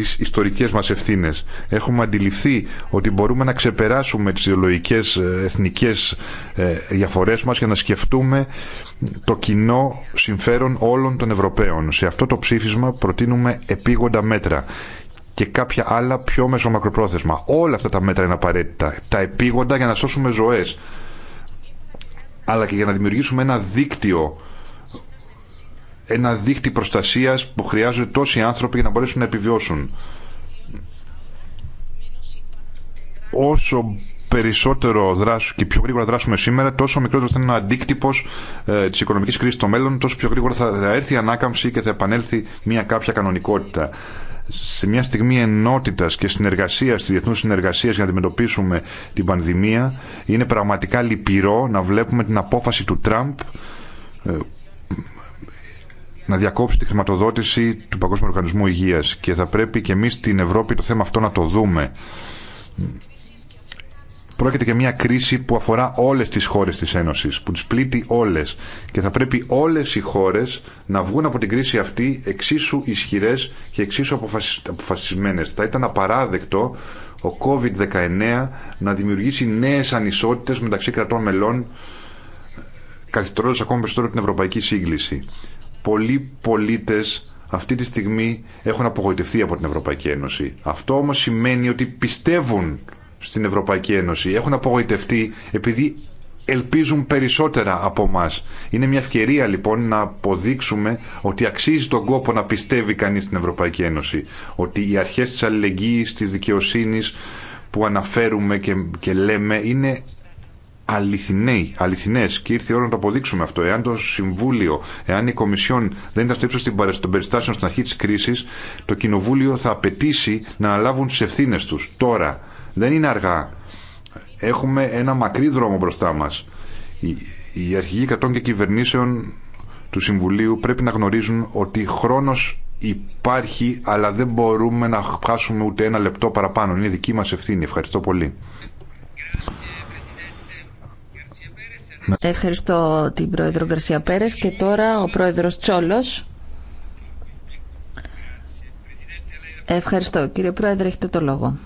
τις ιστορικές μας ευθύνες. Έχουμε αντιληφθεί ότι μπορούμε να ξεπεράσουμε τις ιδεολογικές ε, εθνικές ε, διαφορές μας για να σκεφτούμε το κοινό συμφέρον όλων των Ευρωπαίων. Σε αυτό το ψήφισμα προτείνουμε επίγοντα μέτρα και κάποια άλλα πιο μεσομακροπρόθεσμα. Όλα αυτά τα μέτρα είναι απαραίτητα. Τα επίγοντα για να σώσουμε ζωές αλλά και για να δημιουργήσουμε ένα δίκτυο ένα δίχτυ προστασία που χρειάζονται τόσοι άνθρωποι για να μπορέσουν να επιβιώσουν. Όσο περισσότερο δράσουμε και πιο γρήγορα δράσουμε σήμερα, τόσο μικρότερο θα είναι ο αντίκτυπο ε, τη οικονομική κρίση στο μέλλον, τόσο πιο γρήγορα θα, έρθει η ανάκαμψη και θα επανέλθει μια κάποια κανονικότητα. Σε μια στιγμή ενότητα και συνεργασία, τη διεθνού συνεργασία για να αντιμετωπίσουμε την πανδημία, είναι πραγματικά λυπηρό να βλέπουμε την απόφαση του Τραμπ ε, να διακόψει τη χρηματοδότηση του Παγκόσμιου Οργανισμού Υγεία. και θα πρέπει και εμεί στην Ευρώπη το θέμα αυτό να το δούμε. Πρόκειται και μια κρίση που αφορά όλε τι χώρε τη Ένωση, που τι πλήττει όλε. και θα πρέπει όλε οι χώρε να βγουν από την κρίση αυτή εξίσου ισχυρέ και εξίσου αποφασισμένε. Θα ήταν απαράδεκτο ο COVID-19 να δημιουργήσει νέε ανισότητε μεταξύ κρατών μελών καθιστρώντας ακόμα περισσότερο την ευρωπαϊκή σύγκληση πολλοί πολίτες αυτή τη στιγμή έχουν απογοητευτεί από την Ευρωπαϊκή Ένωση. Αυτό όμως σημαίνει ότι πιστεύουν στην Ευρωπαϊκή Ένωση. Έχουν απογοητευτεί επειδή ελπίζουν περισσότερα από εμά. Είναι μια ευκαιρία λοιπόν να αποδείξουμε ότι αξίζει τον κόπο να πιστεύει κανείς στην Ευρωπαϊκή Ένωση. Ότι οι αρχές της αλληλεγγύης, της δικαιοσύνης που αναφέρουμε και, και λέμε είναι αληθινέ, αληθινές και ήρθε η ώρα να το αποδείξουμε αυτό. Εάν το Συμβούλιο, εάν η Κομισιόν δεν ήταν στο ύψος των περιστάσεων στην αρχή της κρίσης, το Κοινοβούλιο θα απαιτήσει να αναλάβουν τις ευθύνες τους. Τώρα, δεν είναι αργά. Έχουμε ένα μακρύ δρόμο μπροστά μας. Οι αρχηγοί κρατών και κυβερνήσεων του Συμβουλίου πρέπει να γνωρίζουν ότι χρόνος υπάρχει, αλλά δεν μπορούμε να χάσουμε ούτε ένα λεπτό παραπάνω. Είναι δική μας ευθύνη. Ευχαριστώ πολύ. Ναι. Ευχαριστώ την Πρόεδρο Γκαρσία Πέρες και τώρα ο Πρόεδρος Τσόλος. Ευχαριστώ. Κύριε Πρόεδρε, έχετε το λόγο.